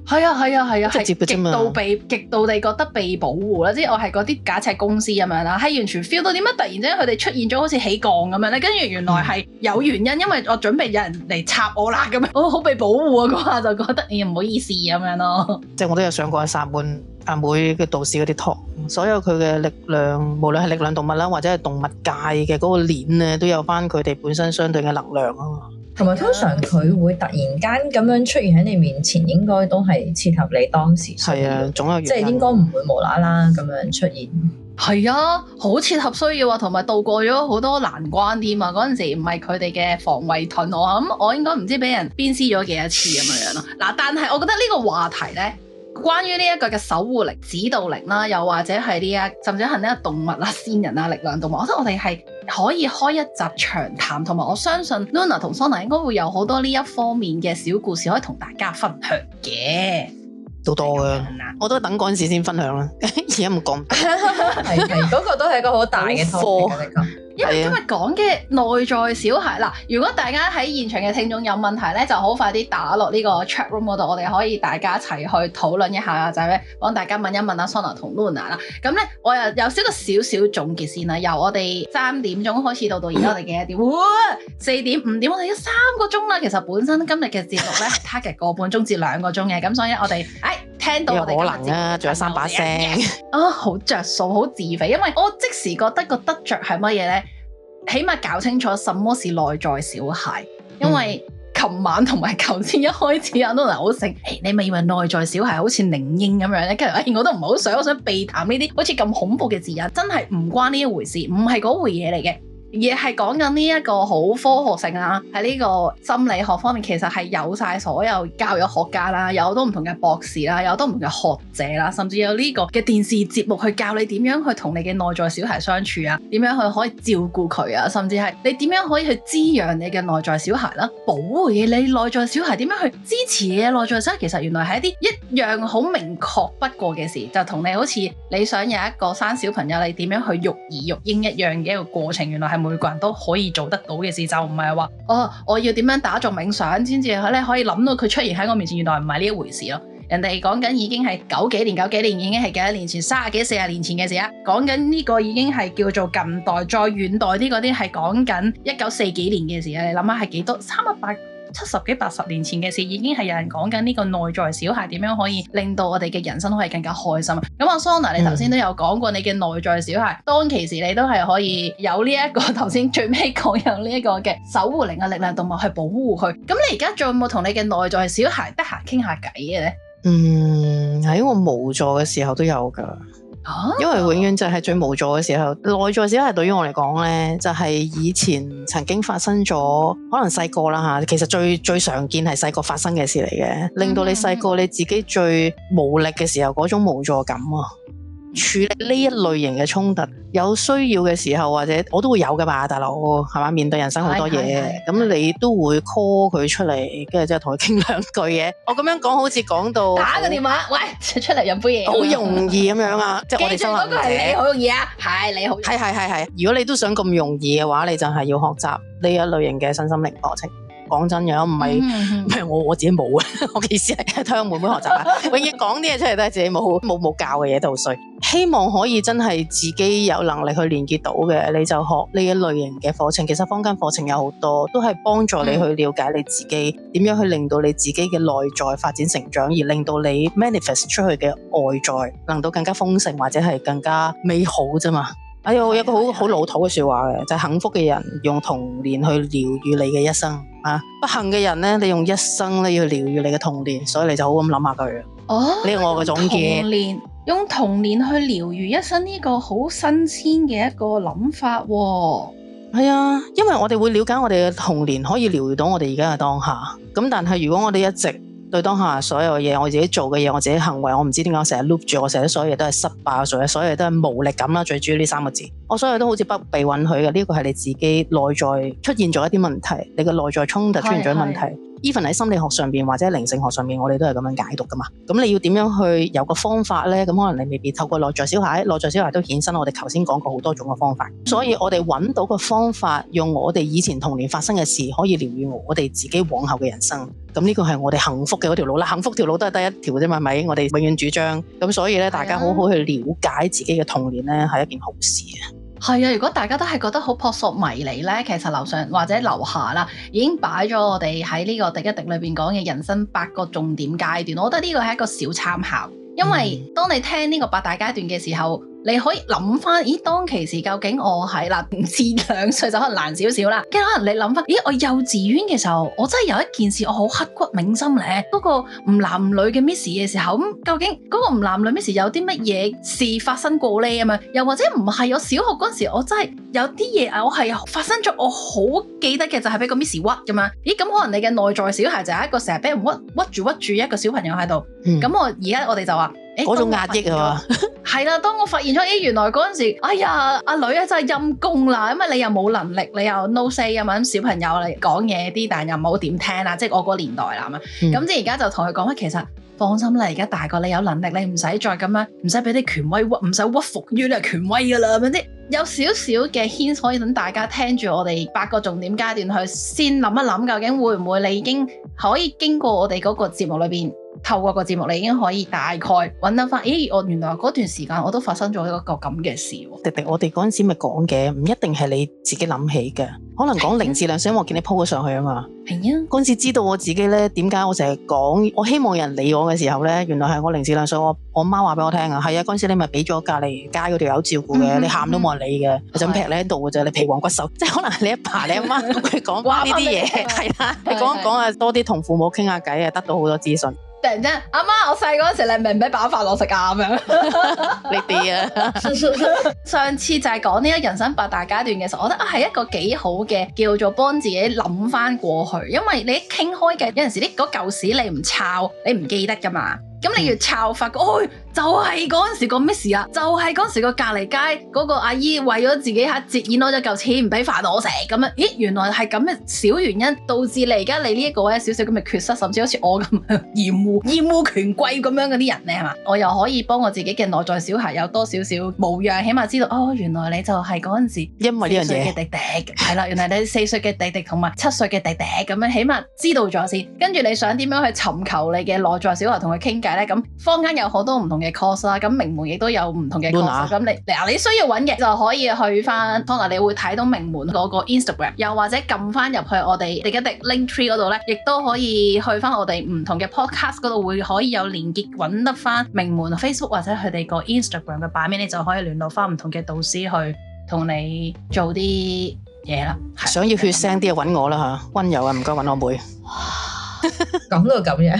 係啊係啊係啊，係極度被極度地覺得被保護啦，即係我係嗰啲假設公司咁樣啦，係完全 feel 到點解突然之間佢哋出現咗好似起降咁樣咧，跟住原來係有原因，因為我準備有人嚟插我啦咁樣，我好被保護啊嗰下就。覺得你唔好意思咁樣咯，哦，即係我都有上過啊！薩滿阿妹嘅導師嗰啲堂，所有佢嘅力量，無論係力量動物啦，或者係動物界嘅嗰個鏈咧，都有翻佢哋本身相對嘅能量啊嘛。同埋通常佢會突然間咁樣出現喺你面前，應該都係切合你當時係啊，這個， 總有即係應該唔會無啦啦咁樣出現。 係啊，好切合需要啊，同埋渡過咗好多難關添啊！嗰陣時唔係佢哋嘅防衛盾我啊，咁我應該唔知俾人鞭屍咗幾多次咁樣樣咯。嗱， 但係我覺得呢個話題呢，關於呢一個嘅守護靈、指導靈啦，又或者係呢一，甚至係呢一動物啊、仙人啊、力量動物，我覺得我哋係可以開一集長談，同埋我相信 Luna 同 Sona 應該會有好多呢一方面嘅小故事可以同大家分享嘅。都多嘅，我都等嗰陣時先分享啦。而家唔講，其實嗰個都係一個好大嘅課。因為今日講嘅內在小孩嗱，如果大家喺現場嘅聽眾有問題咧，就好快啲打落呢個 chat room 嗰度，我哋可以大家一齊去討論一下啦，就係咩？幫大家問一問阿 Sona 同 Luna 啦。咁咧，我又有少少少少總結先啦。由我哋三點鐘開始到到而家，我哋幾多點？ 哇！四點五點，我哋已經三個鐘啦。其實本身今日嘅節目咧係 target 個半鐘至兩個鐘嘅，咁所以我哋誒、哎、聽到我哋有可能啊，仲有三把聲啊， oh, 好着數，好自肥。因為我即時覺得個得着係乜嘢咧？起碼搞清楚什麼是內在小孩，因為琴晚同埋頭先一開始阿 d o 好成，誒，你咪以為內在小孩好似靈嬰咁樣咧？跟住我我都唔係好想，我想避談呢啲好似咁恐怖嘅字眼，真係唔關呢一回事，唔係嗰回嘢嚟嘅。嘢係講緊呢一個好科學性啊。喺呢個心理學方面其實係有晒所有教育學家啦，有好多唔同嘅博士啦，有好多唔同嘅學者啦，甚至有呢個嘅電視節目去教你點樣去同你嘅內在小孩相處啊，點樣去可以照顧佢啊，甚至係你點樣可以去滋養你嘅內在小孩啦，保護你內在小孩，點樣去支持你嘅內在小孩。其實原來係一啲一樣好明確不過嘅事，就同你好似你想有一個生小朋友，你點樣去育兒育嬰一樣嘅一個過程，原來係。每個人都可以做得到嘅事，就唔係話哦，我要點樣打造冥想先至可以諗到佢出現喺我面前，原來唔係呢一回事咯。人哋講緊已經係九幾年、九幾年已經係幾多年前，三十幾、四十年前嘅事啦。講緊呢個已經係叫做近代，再遠代啲嗰啲係講緊一九四幾年嘅事啊！你諗下係幾多？三一八。七十幾八十年前嘅事，已經係有人講緊呢個內在小孩點樣可以令到我哋嘅人生可以更加開心。咁阿 Sona，你頭先都有講過你嘅內在小孩，嗯、當其時你都係可以有呢、這、一個頭先最尾講有呢一個嘅守護靈嘅力量動物去保護佢。咁你而家仲有冇同你嘅內在小孩得閒傾下偈嘅呢？嗯，喺我無助嘅時候都有噶。因為永遠就係最無助嘅時候，內在小孩對於我嚟講呢，就係、是、以前曾經發生咗可能細個啦吓，其實最最常見係細個發生嘅事嚟嘅，令到你細個你自己最無力嘅時候嗰種無助感啊。處理呢一類型嘅衝突，有需要嘅時候或者我都會有嘅吧，大佬係嘛？面對人生好多嘢，咁、哎哎哎、你都會 call 佢出嚟，跟住之後同佢傾兩句嘢。我咁樣講好似講到打個電話，喂，出嚟飲杯嘢，好容易咁樣啊！ 記住嗰個係你好容易啊，係你好容易係係係係，如果你都想咁容易嘅話，你就係要學習呢一類型嘅身心靈課程。講真樣，唔係、嗯嗯、我，我自己冇嘅， 我嘅意思係向妹妹學習啦。 永遠講啲嘢出嚟都係自己冇冇教嘅嘢都衰，希望可以真係自己有能力去連接到嘅，你就學呢一類型嘅課程。其實坊間課程有好多，都係幫助你去了解你自己，點樣去令到你自己嘅內在發展成長，而令到你 manifest 出去嘅外在，能夠更加豐盛或者係更加美好啫嘛。哎喲，有個好好老土嘅說話嘅，係係係就係幸福嘅人用童年去療癒你嘅一生，啊，不幸嘅人呢，你用一生咧要療癒你嘅童年，所以你就好咁諗下佢。哦，呢個我嘅總結。童年用童年去療癒一生呢、這個好新鮮嘅一個諗法，哦。係啊，因為我哋會了解我哋嘅童年可以療癒到我哋而家嘅當下。咁但係如果我哋一直。對當下所有嘢，我自己做嘅嘢，我自己的行為，我唔知點解成日 loop 住，我成日所有嘢都係失敗，所有所有都係無力感啦，最主要呢三個字，我所有都好似不被允許嘅，呢個係你自己內在出現咗一啲問題，你嘅內在衝突出現咗問題。是是 Even 喺心理學上邊或者靈性學上面，我哋都係咁樣解讀噶嘛。咁你要點樣去有個方法咧？咁可能你未必透過內在小孩，內在小孩都衍生我哋頭先講過好多種嘅方法。嗯、所以我哋揾到個方法，用我哋以前童年發生嘅事，可以療癒我哋自己往後嘅人生。咁呢個係我哋幸福嘅嗰條路啦。幸福條路都係得一條啫嘛，係咪？我哋永遠主張。咁所以咧，大家好好去了解自己嘅童年咧，係一件好事啊！係啊，如果大家都係覺得好撲朔迷離呢，其實樓上或者樓下啦，已經擺咗我哋喺呢個廸一廸裏面講嘅人生八個重點階段，我覺得呢個係一個小參考，因為當你聽呢個八大階段嘅時候。你可以諗翻，咦？當其時究竟我係嗱，唔知兩歲就可能難少少啦。跟住可能你諗翻，咦？我幼稚園嘅時候，我真係有一件事我好刻骨銘心咧。嗰、嗰個唔男唔女嘅 Miss 嘅時候，咁究竟嗰個唔男女 Miss 有啲乜嘢事發生過呢？咁啊，又或者唔係？我小學嗰陣時，我真係有啲嘢啊，我係發生咗，我好記得嘅就係、係、俾個 Miss 屈咁啊。咦？咁可能你嘅內在小孩就係一個成日俾人屈屈住屈住一個小朋友喺度。咁、嗯、我而家我哋就話。嗰種壓抑啊，係啦誒，當我發現咗，咦， 原來嗰陣時，哎呀，阿女啊真係陰公啦，因為你又冇能力，你又 no say 吖嘛，咁小朋友嚟講嘢啲，但又冇點聽啦，即係我個年代啦嘛，咁即係而家就同佢講話，其實放心啦，而家大個，你有能力，你唔使再咁樣，唔使俾啲權威屈，唔使屈服於啲權威噶啦，咁樣即有少少嘅牽，可以等大家聽住我哋八個重點階段去先諗一諗，究竟會唔會你已經可以經過我哋嗰個節目裏邊。透過個節目，你已經可以大概揾得翻。咦，我原來嗰段時間我都發生咗一個咁嘅事。迪迪，我哋嗰陣時咪講嘅，唔一定係你自己諗起嘅，可能講零至兩歲，所以我見你鋪咗上去啊嘛。係啊，嗰陣時知道我自己咧，點解我成日講，我希望有人理我嘅時候咧，原來係我零至兩歲，所以我我媽話俾我聽啊，係啊，嗰陣時你咪俾咗隔離街嗰條友照顧嘅，你喊都冇人理嘅，就劈你喺度就你皮黃骨瘦，即係可能係你阿爸、你阿媽佢講呢啲嘢。係啦，講一講啊，多啲同父母傾下偈啊，得到好多資訊。突然之間，阿媽，我細嗰陣時候，你明唔明啲畀飯我食啊？咁你爹啊！上次就係講呢一個人生八大階段嘅時候，我覺得啊係一個幾好嘅，叫做幫自己諗返過去，因為你一傾開嘅有陣時啲嗰舊事你唔炒，你唔記得㗎嘛。咁、嗯、你要抄翻，哎，就係嗰陣時個 Miss 啊？就係嗰陣時個隔離街嗰個阿姨為咗自己吓，截然攞咗嚿錢唔俾飯我食，咁樣，咦，原來係咁嘅小原因導致你而家你呢一個咧，少少咁嘅缺失，甚至好似我咁厭惡、厭惡權貴咁樣嗰啲人咧，係嘛？我又可以幫我自己嘅內在小孩有多少少模樣，起碼知道，哦，原來你就係嗰陣時弟弟，因為呢樣嘢嘅爹爹，係啦，原來你四歲嘅弟爹同埋七歲嘅爹爹咁樣，起碼知道咗先，跟住你想點樣去尋求你嘅內在小孩同佢傾偈？咁、嗯、坊間有好多唔同嘅 course 啦，咁明門亦都有唔同嘅 course。咁 Luna. 你嗱你需要揾嘅就可以去翻 Tona 你會睇到明門嗰個 Instagram，又或者撳翻入去我哋迪一迪 link tree 嗰度咧，亦都可以去翻我哋唔同嘅 podcast 嗰度會可以有連結揾得翻明門 Facebook 或者佢哋個 Instagram 嘅版面，你就可以聯絡翻唔同嘅導師去同你做啲嘢啦。想要血腥啲要揾我啦吓，溫柔啊唔該揾我妹妹。 講 到咁樣，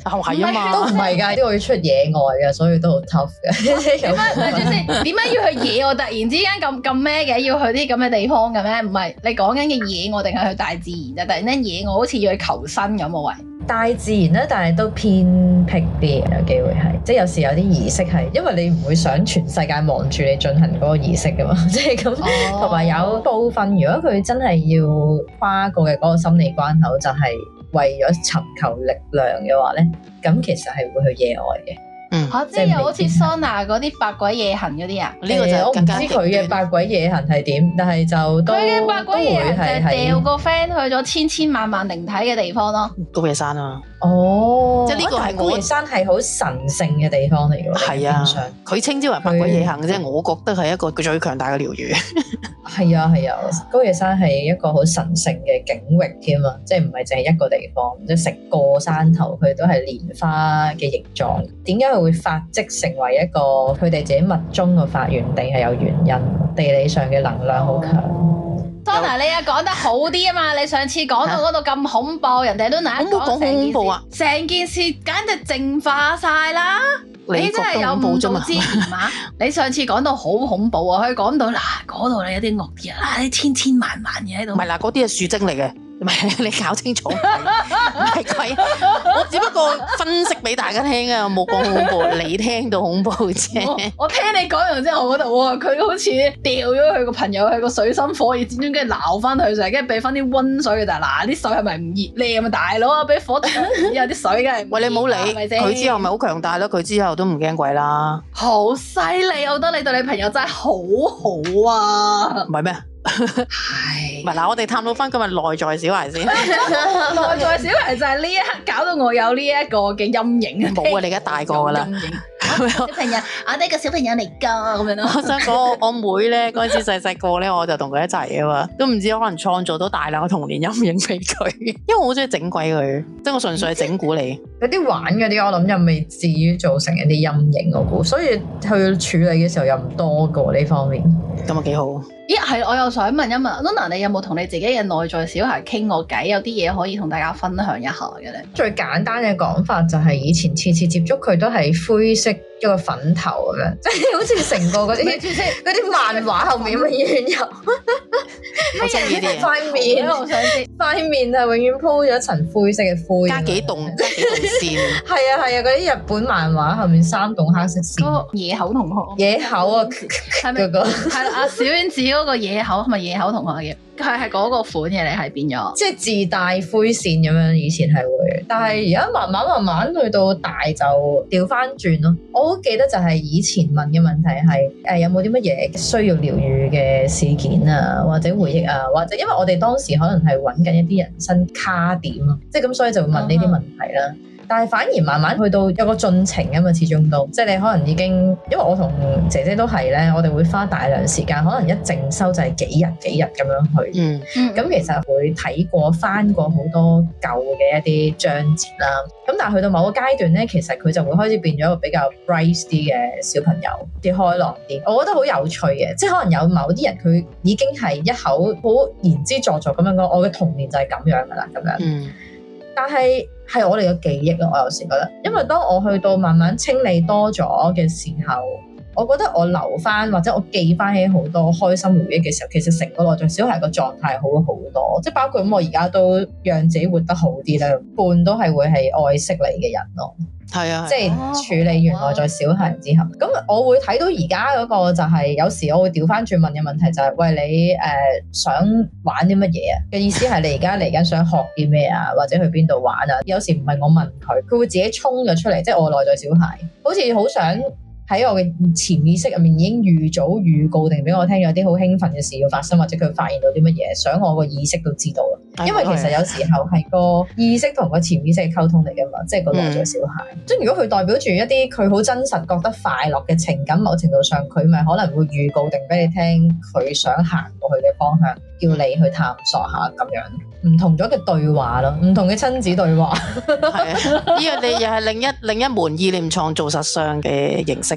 係啊嘛，唔係噶，都 要出野外噶，所以都好 tough 嘅。點解、啊？點解 麼等要去野外 突然之間咁咁咩嘅？要去啲咁嘅地方嘅咩？唔係你講緊嘅野外定係去大自然啫？突然間野外好似要去求生咁啊？喂，大自然咧，但係都偏僻啲，有機會係，即係有時有啲儀式係，因為你唔會想全世界望住你進行嗰個儀式噶嘛， 即係咁樣。同埋有，有部分，如果佢真係要花過嘅嗰個心理關口，就係、是。為咗尋求力量嘅話咧，咁其實係會去野外嘅。嚇、嗯啊，即係好似桑拿嗰啲百鬼夜行嗰啲啊？呢個就、呃、我唔知佢嘅百鬼夜行係點，但係就佢嘅百鬼夜行就掉個 friend 去咗千千萬萬,萬靈體嘅地方咯，高野山啊。哦，即係呢個係高野山係好神聖嘅地方嚟㗎，係啊，佢稱之為百鬼夜行嘅啫，它我覺得係一個佢最強大嘅療癒，係啊係啊，高野山係一個好神聖嘅景域添啊，即係唔係淨係一個地方，即係成個山頭佢都係蓮花嘅形狀，點解佢會發跡成為一個佢哋自己密宗嘅發源地係有原因，地理上嘅能量好強。t o Donna, 有你又講得好啲啊嘛！你上次講到嗰度咁恐怖，啊、人哋都難講恐怖啊！成件事簡直淨化晒啦！你，你真係有目共睹啊嘛！ 你上次講到好恐怖啊，佢講到嗱嗰度有啲惡人啦，啲、啊、千千萬萬嘢喺度。唔係嗱，嗰啲係樹精嚟嘅。唔係，你搞清楚，唔係鬼。 我只不過分析俾大家聽啊，我冇講恐怖。 你聽到恐怖啫。我聽你講完之後，我覺得哇，佢好似掉咗佢個朋友喺個水深火熱之中，跟住撈翻佢上，跟住俾翻啲溫水佢。但嗱，啲水係咪唔熱？你咁啊，係咪唔 大佬啊，俾火有啲 水嘅。喂，你冇理佢之後，咪好強大咯。佢之後都唔驚鬼啦。好犀利，我覺得你對你朋友真係好好啊。唔係咩？係，唔係嗱，我哋探到翻今日內在小孩先，內在小孩就係呢一刻搞到我有呢一個嘅陰影。冇啊，你而家大個噶啦，小朋友，我呢個小朋友嚟噶，咁樣咯。我想講我妹咧，嗰陣時細細個咧，我就同佢一齊啊嘛，都唔知可能創造到大量嘅童年陰影俾佢。因為我好中意整鬼佢，即係我純粹係整蠱你。有啲玩嗰啲，我諗又未至於造成一啲陰影嗰個，所以去處理嘅時候又唔多過呢方面。咁啊，幾好。咦係，我又想問一問 Luna 你有冇同你自己嘅內在小孩傾過偈？有啲嘢可以同大家分享一下嘅咧？最簡單嘅講法就係以前次次接觸佢都係灰色一個粉頭咁樣，即係好似成個嗰啲嗰啲漫畫後面咁樣，永遠有。我想知啲嘢。塊面，我想知塊面係永遠鋪咗一層灰色嘅灰。加幾棟幾棟線？係啊係啊，嗰啲日本漫畫後面三棟黑色線。個野口同學。野口啊，嗰個係啦，阿小丸子嗰。嗰個野口係咪野口同學嘅？佢係嗰個款嘅，你係變咗，即係自帶灰線咁樣。以前係會，但係而家慢慢慢慢去到大就調翻轉咯。我好記得就係以前問嘅問題係誒、呃、有冇啲乜嘢需要療癒嘅事件啊，或者回憶啊，或者因為我哋當時可能係揾緊一啲人生卡點咯，即係咁所以就會問呢啲問題啦。Uh huh. 但係反而慢慢去到有個進程啊嘛，始終都即係你可能已經，因為我同姐姐都係咧，我哋會花大量時間，可能一靜修就係幾日幾日咁樣去。嗯，咁、嗯、其實會睇過翻過好多舊嘅一啲章節啦。咁但係去到某個階段咧，其實佢就會開始變咗一個比較 bright 啲嘅小朋友，啲開朗啲。我覺得好有趣嘅，即係可能有某啲人佢已經係一口好言之鑿鑿咁樣講，我嘅童年就係咁樣㗎喇咁樣。嗯、但係。係我哋嘅記憶，我有時覺得，因為當我去到慢慢清理多咗嘅時候。我覺得我留翻或者我記翻起好多開心回憶嘅時候，其實成個內在小孩個狀態好好多，即係包括咁我而家都讓自己活得好啲咧，半都係會係愛惜你嘅人咯。係啊， 即係處理完內在小孩之後，咁 我會睇到而家嗰個就係、是、有時我會調翻轉問嘅問題就係、是、喂，你誒、呃、想玩啲乜嘢啊？嘅 意思係你而家嚟緊想學啲咩啊，或者去邊度玩啊？ 有時唔係我問佢，佢會自己衝咗出嚟，即係我內在小孩好似好想。喺我嘅潛意識入面已經預早預告定俾我聽，有啲好興奮嘅事要發生，或者佢發現到啲乜嘢，想我個意識都知道啦。因為其實有時候係個意識同個潛意識嘅溝通嚟噶嘛，即係個內在小孩。即係、嗯、如果佢代表住一啲佢好真實覺得快樂嘅情感，某程度上佢咪可能會預告定俾你聽，佢想行過去嘅方向，叫你去探索下咁樣，唔同咗嘅對話咯，唔同嘅親子對話。係 啊，呢樣嘢又係另一另一門意念創造實相嘅形式。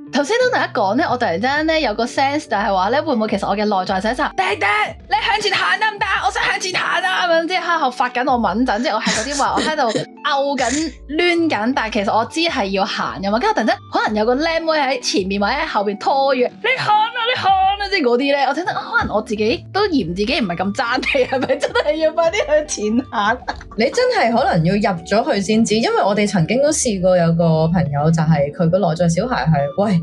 頭先都第一講咧，我突然間咧有個 sense，但係話咧會唔會其實我嘅內在仔就爹爹，你向前行得唔得？我想向前行啊！咁啲喺戶發緊我猛震，即係我係嗰啲話我喺度拗緊攣緊， 但係其實我知係要行嘅嘛。跟住突然間可能有個靚妹喺前面或者喺後邊拖住，你看啊，你看啊，即係嗰啲咧，我聽得可能我自己都嫌自己唔係咁爭氣，係 咪真係要快啲向前行？ 你真係可能要入咗去先知，因為我哋曾經都試過有個朋友就係佢個內在小孩係喂。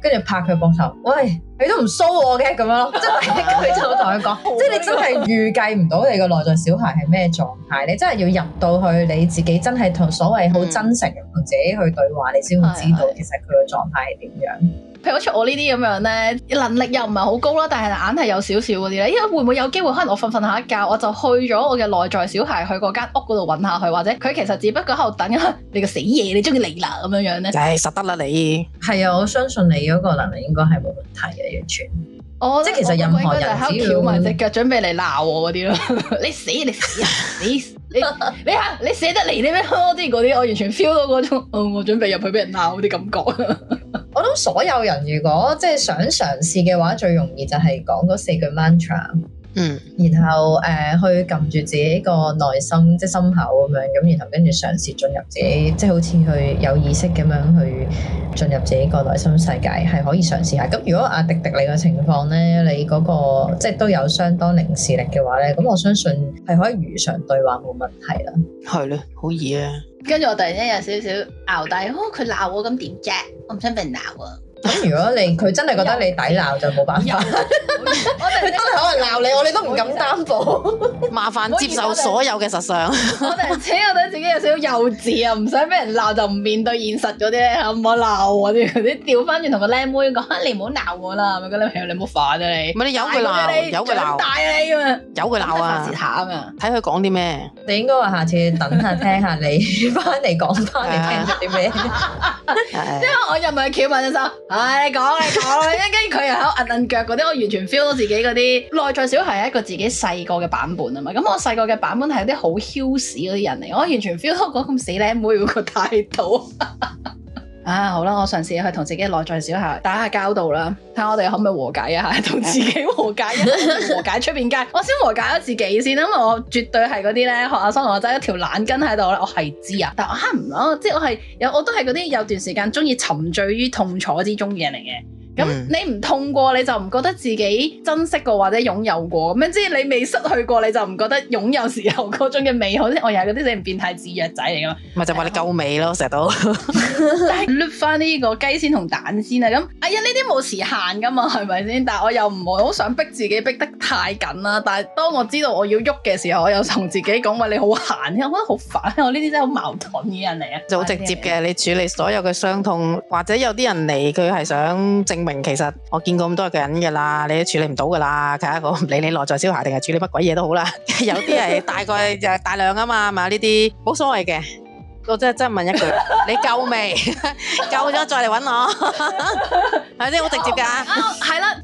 跟住拍佢膊頭，喂，你都唔 show 我嘅咁樣咯，即係佢就同佢講，即係 你真係預計唔到你個內在小孩係咩狀態， 你真係要入到去你自己真係同所謂好真實嘅自己去對話，嗯、你先會知道其實佢嘅狀態係點樣。譬是如好似我呢啲咁樣咧，能力又唔係好高啦，但係硬係有少少嗰啲咧，因為會唔會有機會可能我瞓瞓下一覺，我就去咗我嘅內在小孩去嗰間屋嗰度揾下佢，或者佢其實只不過喺度等緊你個死嘢，你中意你啦咁樣樣咧，就實得啦你。係啊，我相信你。嗰個能力應該係冇問題嘅，完全。我的即係其實任何人翹埋隻腳準備嚟鬧我嗰啲咯，你死你， 你，你，你死你你你嚇你死得嚟啲咩咯啲嗰啲， 我完全 feel 到嗰種、哦，我準備入去俾人鬧啲感覺。 我諗所有人如果即係想嘗試嘅話，最容易就係講嗰四句 mantra。嗯然、呃，然後誒去撳住自己個內心，即係心口咁樣，咁然後跟住嘗試進入自己，即係好似去有意識咁樣去進入自己個內心世界，係可以嘗試下。咁如果阿迪迪你嘅情況呢，你嗰、嗰個即係都有相當靈視力嘅話呢，咁我相信係可以如常對話冇問題啦。係咧，好易啊！跟住我突然間有少少拗底，哦，佢鬧我咁點啫？我唔想畀人鬧喎。咁如果你佢真係覺得你抵鬧就冇辦法，我哋真係可能鬧你，我哋都唔敢擔保。麻煩接受所有嘅實相。我哋，我睇自己有少少幼稚啊，唔想俾人鬧就唔面對現實嗰啲，唔好鬧我哋，調翻轉同個僆妹講，你唔好鬧我啦。咁僆妹，你唔好煩啊你。唔係你由佢鬧，由佢鬧。大啊你啊嘛，由佢鬧啊。測試下啊嘛，睇佢講啲咩。你應該話下次等下聽下你翻嚟講翻你聽出啲咩。因為我又唔係巧文先生。唉、啊，你講你講，跟住佢又喺韆韆腳嗰啲，我完全 feel 到自己嗰啲 內在小孩係一個自己細個嘅版本啊嘛。咁我細個嘅版本係啲好囂屎嗰啲人嚟，我完全 feel 到嗰咁死靚妹個態度。 啊，好啦，我嘗試去同自己內在小孩打下交道啦，睇我哋可唔可以和解一下，同自己和解一， 和解出邊街，我先和解咗自己先，因為我絕對係嗰啲咧學阿生話仔一條懶筋喺度咧，我係知我啊，但係我嚇唔咯，即係我係有，我都係嗰啲有段時間中意沉醉於痛楚之中嘅人嚟嘅。咁、嗯、你唔痛過，你就唔覺得自己珍惜過或者擁有過咁樣，即係你未失去過，你就唔覺得擁有時候嗰種嘅美好。我又係啲死人變態自虐仔嚟噶，咪就話你夠味咯，成日都 哎。但係捋翻呢個雞先同蛋先啊！咁哎呀呢啲冇時限噶嘛，係咪先？但係我又唔會好想逼自己逼得太緊啦。但係當我知道我要喐嘅時候，我又同自己講：喂，你好閒，我覺得好煩。我呢啲真係好矛盾嘅人嚟啊！就好直接嘅，你處理所有嘅傷痛，嗯、或者有啲人嚟佢係想淨。明其實我見過咁多個人噶啦，你都處理唔到噶啦，睇下個唔理你內在小孩定係處理乜鬼嘢，都好啦，有啲係大概就係大量啊嘛，係嘛，呢啲冇所謂嘅，我真係真係問一句，你夠未？夠咗再嚟揾我，係咪先好直接噶？係啦。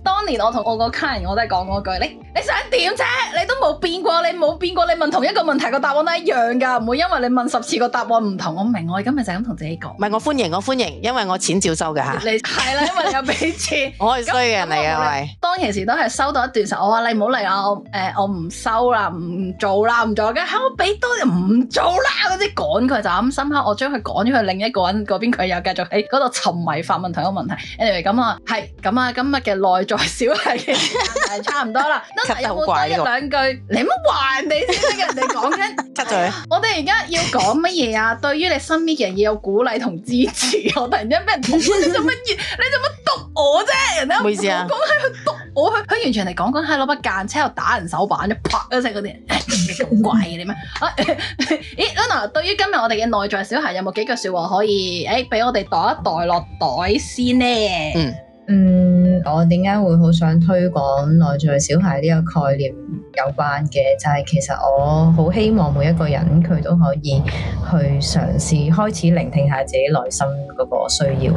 我同我個卡人我都係講嗰句，你你想點啫？你都冇變過，你冇變過，你問同一個問題個答案都一樣噶，唔會因為你問十次個答案唔同。我明，我今日就咁同自己講。唔係，我歡迎我歡迎，因為我錢照收嘅吓。你係啦，因為有俾錢。 我係衰人嚟啊，喂。為當其時都係收到一段時候，我話你唔好嚟啊，誒我唔收啦，唔做啦，唔做嘅，我俾、呃、多又唔做啦嗰啲趕佢就咁、是、深刻。我將佢趕咗去另一個人嗰邊，佢又繼續喺嗰度沉迷發問題同一個問題。anyway 咁啊，係咁啊今日嘅內在。少係，但係差唔多啦。Luna 冇，多一兩句，你乜話人哋先嘅，人哋講緊。我哋而家要講乜嘢啊？對於你身邊嘅人，要有鼓勵同支持。我突然間俾人，你做乜嘢？你做乜督我啫？唔好意思啊。講起去督我，佢佢完全係講緊喺，攞把間車度打人手板，一啪嗰陣嗰啲。好怪嘅你咩？誒，誒，Luna，對於今日我哋嘅內在小孩，有冇幾句說話可以誒，俾我哋袋一袋落袋先呢？嗯。嗯，我點解會好想推廣內在小孩呢個概念有關嘅，就係、是、其實我好希望每一個人佢都可以去嘗試開始聆聽下自己內心嗰個需要。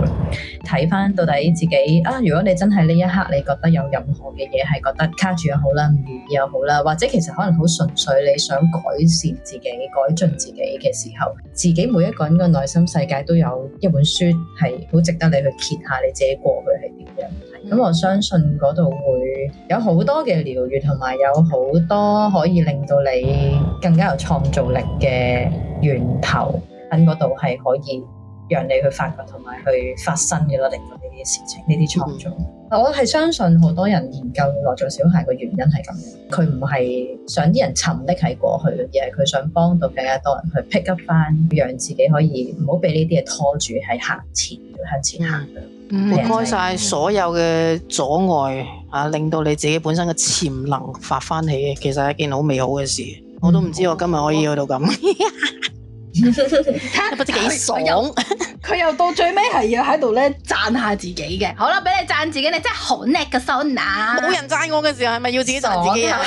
睇返到底自己啊，如果你真係呢一刻你覺得有任何嘅嘢係覺得卡住又好啦，唔如意又好啦，或者其實可能好純粹你想改善自己、改進自己嘅時候，自己每一個人嘅內心世界都有一本書係好值得你去揭下你自己過去。咁、嗯、我相信嗰度會有好多嘅療愈，同埋有好多可以令到你更加有創造力嘅源頭喺嗰度，係可以讓你去發掘同埋去發生嘅咯。令到呢啲事情、呢啲創造，嗯、我係相信好多人研究內在小孩嘅原因係咁，佢唔係想啲人沉溺喺過去而係佢想幫到更加多人去 pick up 翻，讓自己可以唔好俾呢啲嘢拖住喺眼前。.行前行，撥開晒所有嘅阻礙，啊、嗯，令到你自己本身嘅潛能發翻起嘅，其實係一件好美好嘅事。我都唔知我今日可以去到咁， 不知幾爽。 佢又到最尾係要喺度咧讚下自己嘅，好啦，俾你讚自己，你真係好叻嘅 Sona 冇人讚我嘅時候係咪要自己讚自己 啊？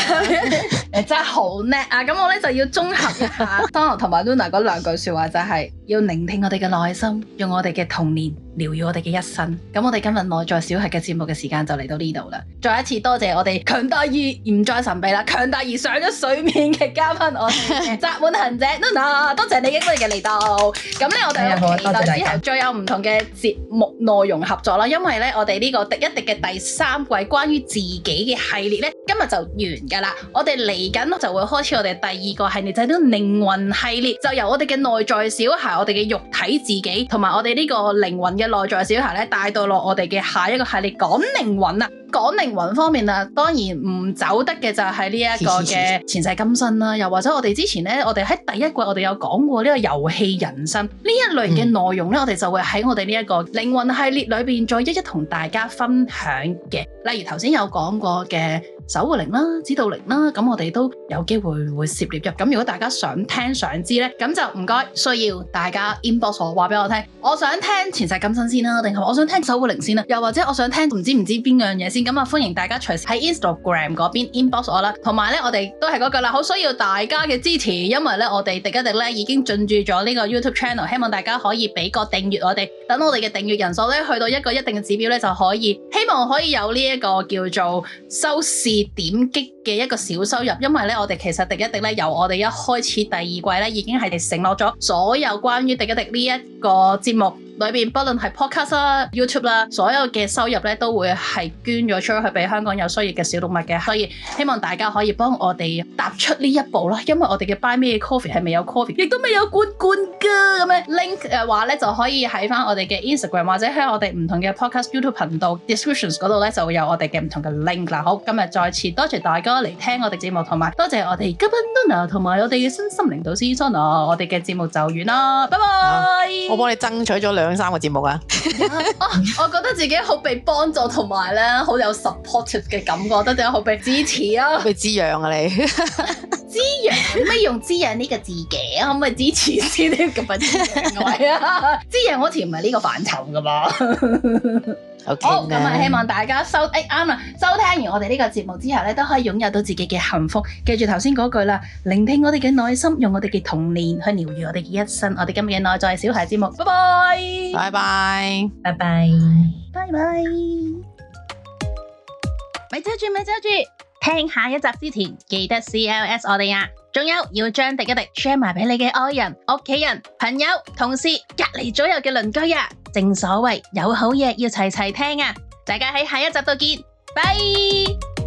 你真係好叻啊！咁我咧就要綜合一下 d 同埋 Luna 嗰兩句説話、就是，就係要聆聽我哋嘅內心，用我哋嘅童年療愈我哋嘅一生。咁我哋今日內在小孩嘅節目嘅時間就嚟到呢度啦。再一次多謝我哋強大而唔再神秘啦，強大而上咗水面嘅嘉賓， 我薩滿行者 Luna，多謝你今日嘅嚟到。咁咧 我哋再有唔同嘅節目內容合作啦，因為咧我哋呢個廸一廸嘅第三季關於自己嘅系列咧，今日就完㗎啦。我哋嚟緊就會開始我哋第二個系列，就係、是、呢個靈魂系列，就由我哋嘅內在小孩、我哋嘅肉體自己，同埋我哋呢個靈魂嘅內在小孩咧，帶到落我哋嘅下一個系列講靈魂啊。講靈魂方面啊，當然唔走得嘅就係呢一個嘅前世今生啦，啊，又或者我哋之前咧，我哋喺第一季我哋有講過呢個遊戲人生呢一類嘅內容咧。嗯我哋就會喺我哋呢一個靈魂系列裏邊再一一同大家分享嘅，例如頭先有講過嘅守護靈啦、指導靈啦，咁我哋都有機會會涉獵入。咁如果大家想聽、想知呢，咁就唔該需要大家 inbox 我，話俾我聽。我想聽前世今生先啦，定係我想聽守護靈先啦，又或者我想聽唔知唔知邊樣嘢先，咁啊歡迎大家隨時喺 Instagram 嗰邊 inbox 我啦。同埋呢，我哋都係嗰句啦，好需要大家嘅支持，因為呢，我哋廸一廸呢已經進駐咗呢個 YouTube Channel，希望大家可以俾個。訂閱我哋，等我哋嘅訂閱人數咧去到一個一定嘅指標咧就可以，希望可以有呢一個叫做收視點擊嘅一個小收入，因為咧我哋其實廸一廸呢咧由我哋一開始第二季咧已經係承諾咗所有關於廸一廸呢一個節目。裏邊不論係 podcast YouTube 啦，所有嘅收入咧都會係捐咗出去俾香港有需要嘅小動物嘅，所以希望大家可以幫我哋踏出呢一步啦，因為我哋嘅 buy me coffee 係未有 coffee，亦都未有罐罐噶咁樣的 link 嘅話咧就可以喺翻我哋嘅 Instagram 或者喺我哋唔同嘅 podcast、YouTube 頻道 descriptions 度咧就會有我哋嘅唔同嘅 link 嗱，好今日再次多謝大家嚟聽我哋節目，同埋多謝我哋 Golden Donor 同埋我哋嘅身心靈導師 Sona 我哋嘅節目就完啦，拜拜。我幫你爭取咗兩。三個節目 啊！我覺得自己好被幫助，同埋咧好有，有 supportive 嘅感覺，得點好被支持啊！被滋養啊你 陽！滋養點解用滋養呢個字嘅？可唔可以支持先呢個份愛啊？滋養嗰條唔係呢個範疇噶嘛。 好，咁啊！希望大家收，哎啱啦！收聽完我哋呢個節目之後咧，都可以擁有到自己嘅幸福。記住頭先嗰句啦，聆聽我哋嘅內心，用我哋嘅童年去療癒我哋嘅一生。我哋今日嘅內在小孩節目，拜拜，拜拜，拜拜，拜拜，咪遮住，咪遮住，聽下一集之前記得 CLS 我哋啊！仲有要將廸一廸 share 埋俾你嘅愛人、屋企人、朋友、同事、隔籬左右嘅鄰居呀、啊！正所謂有好嘢要齊齊聽啊！大家喺下一集度見，拜。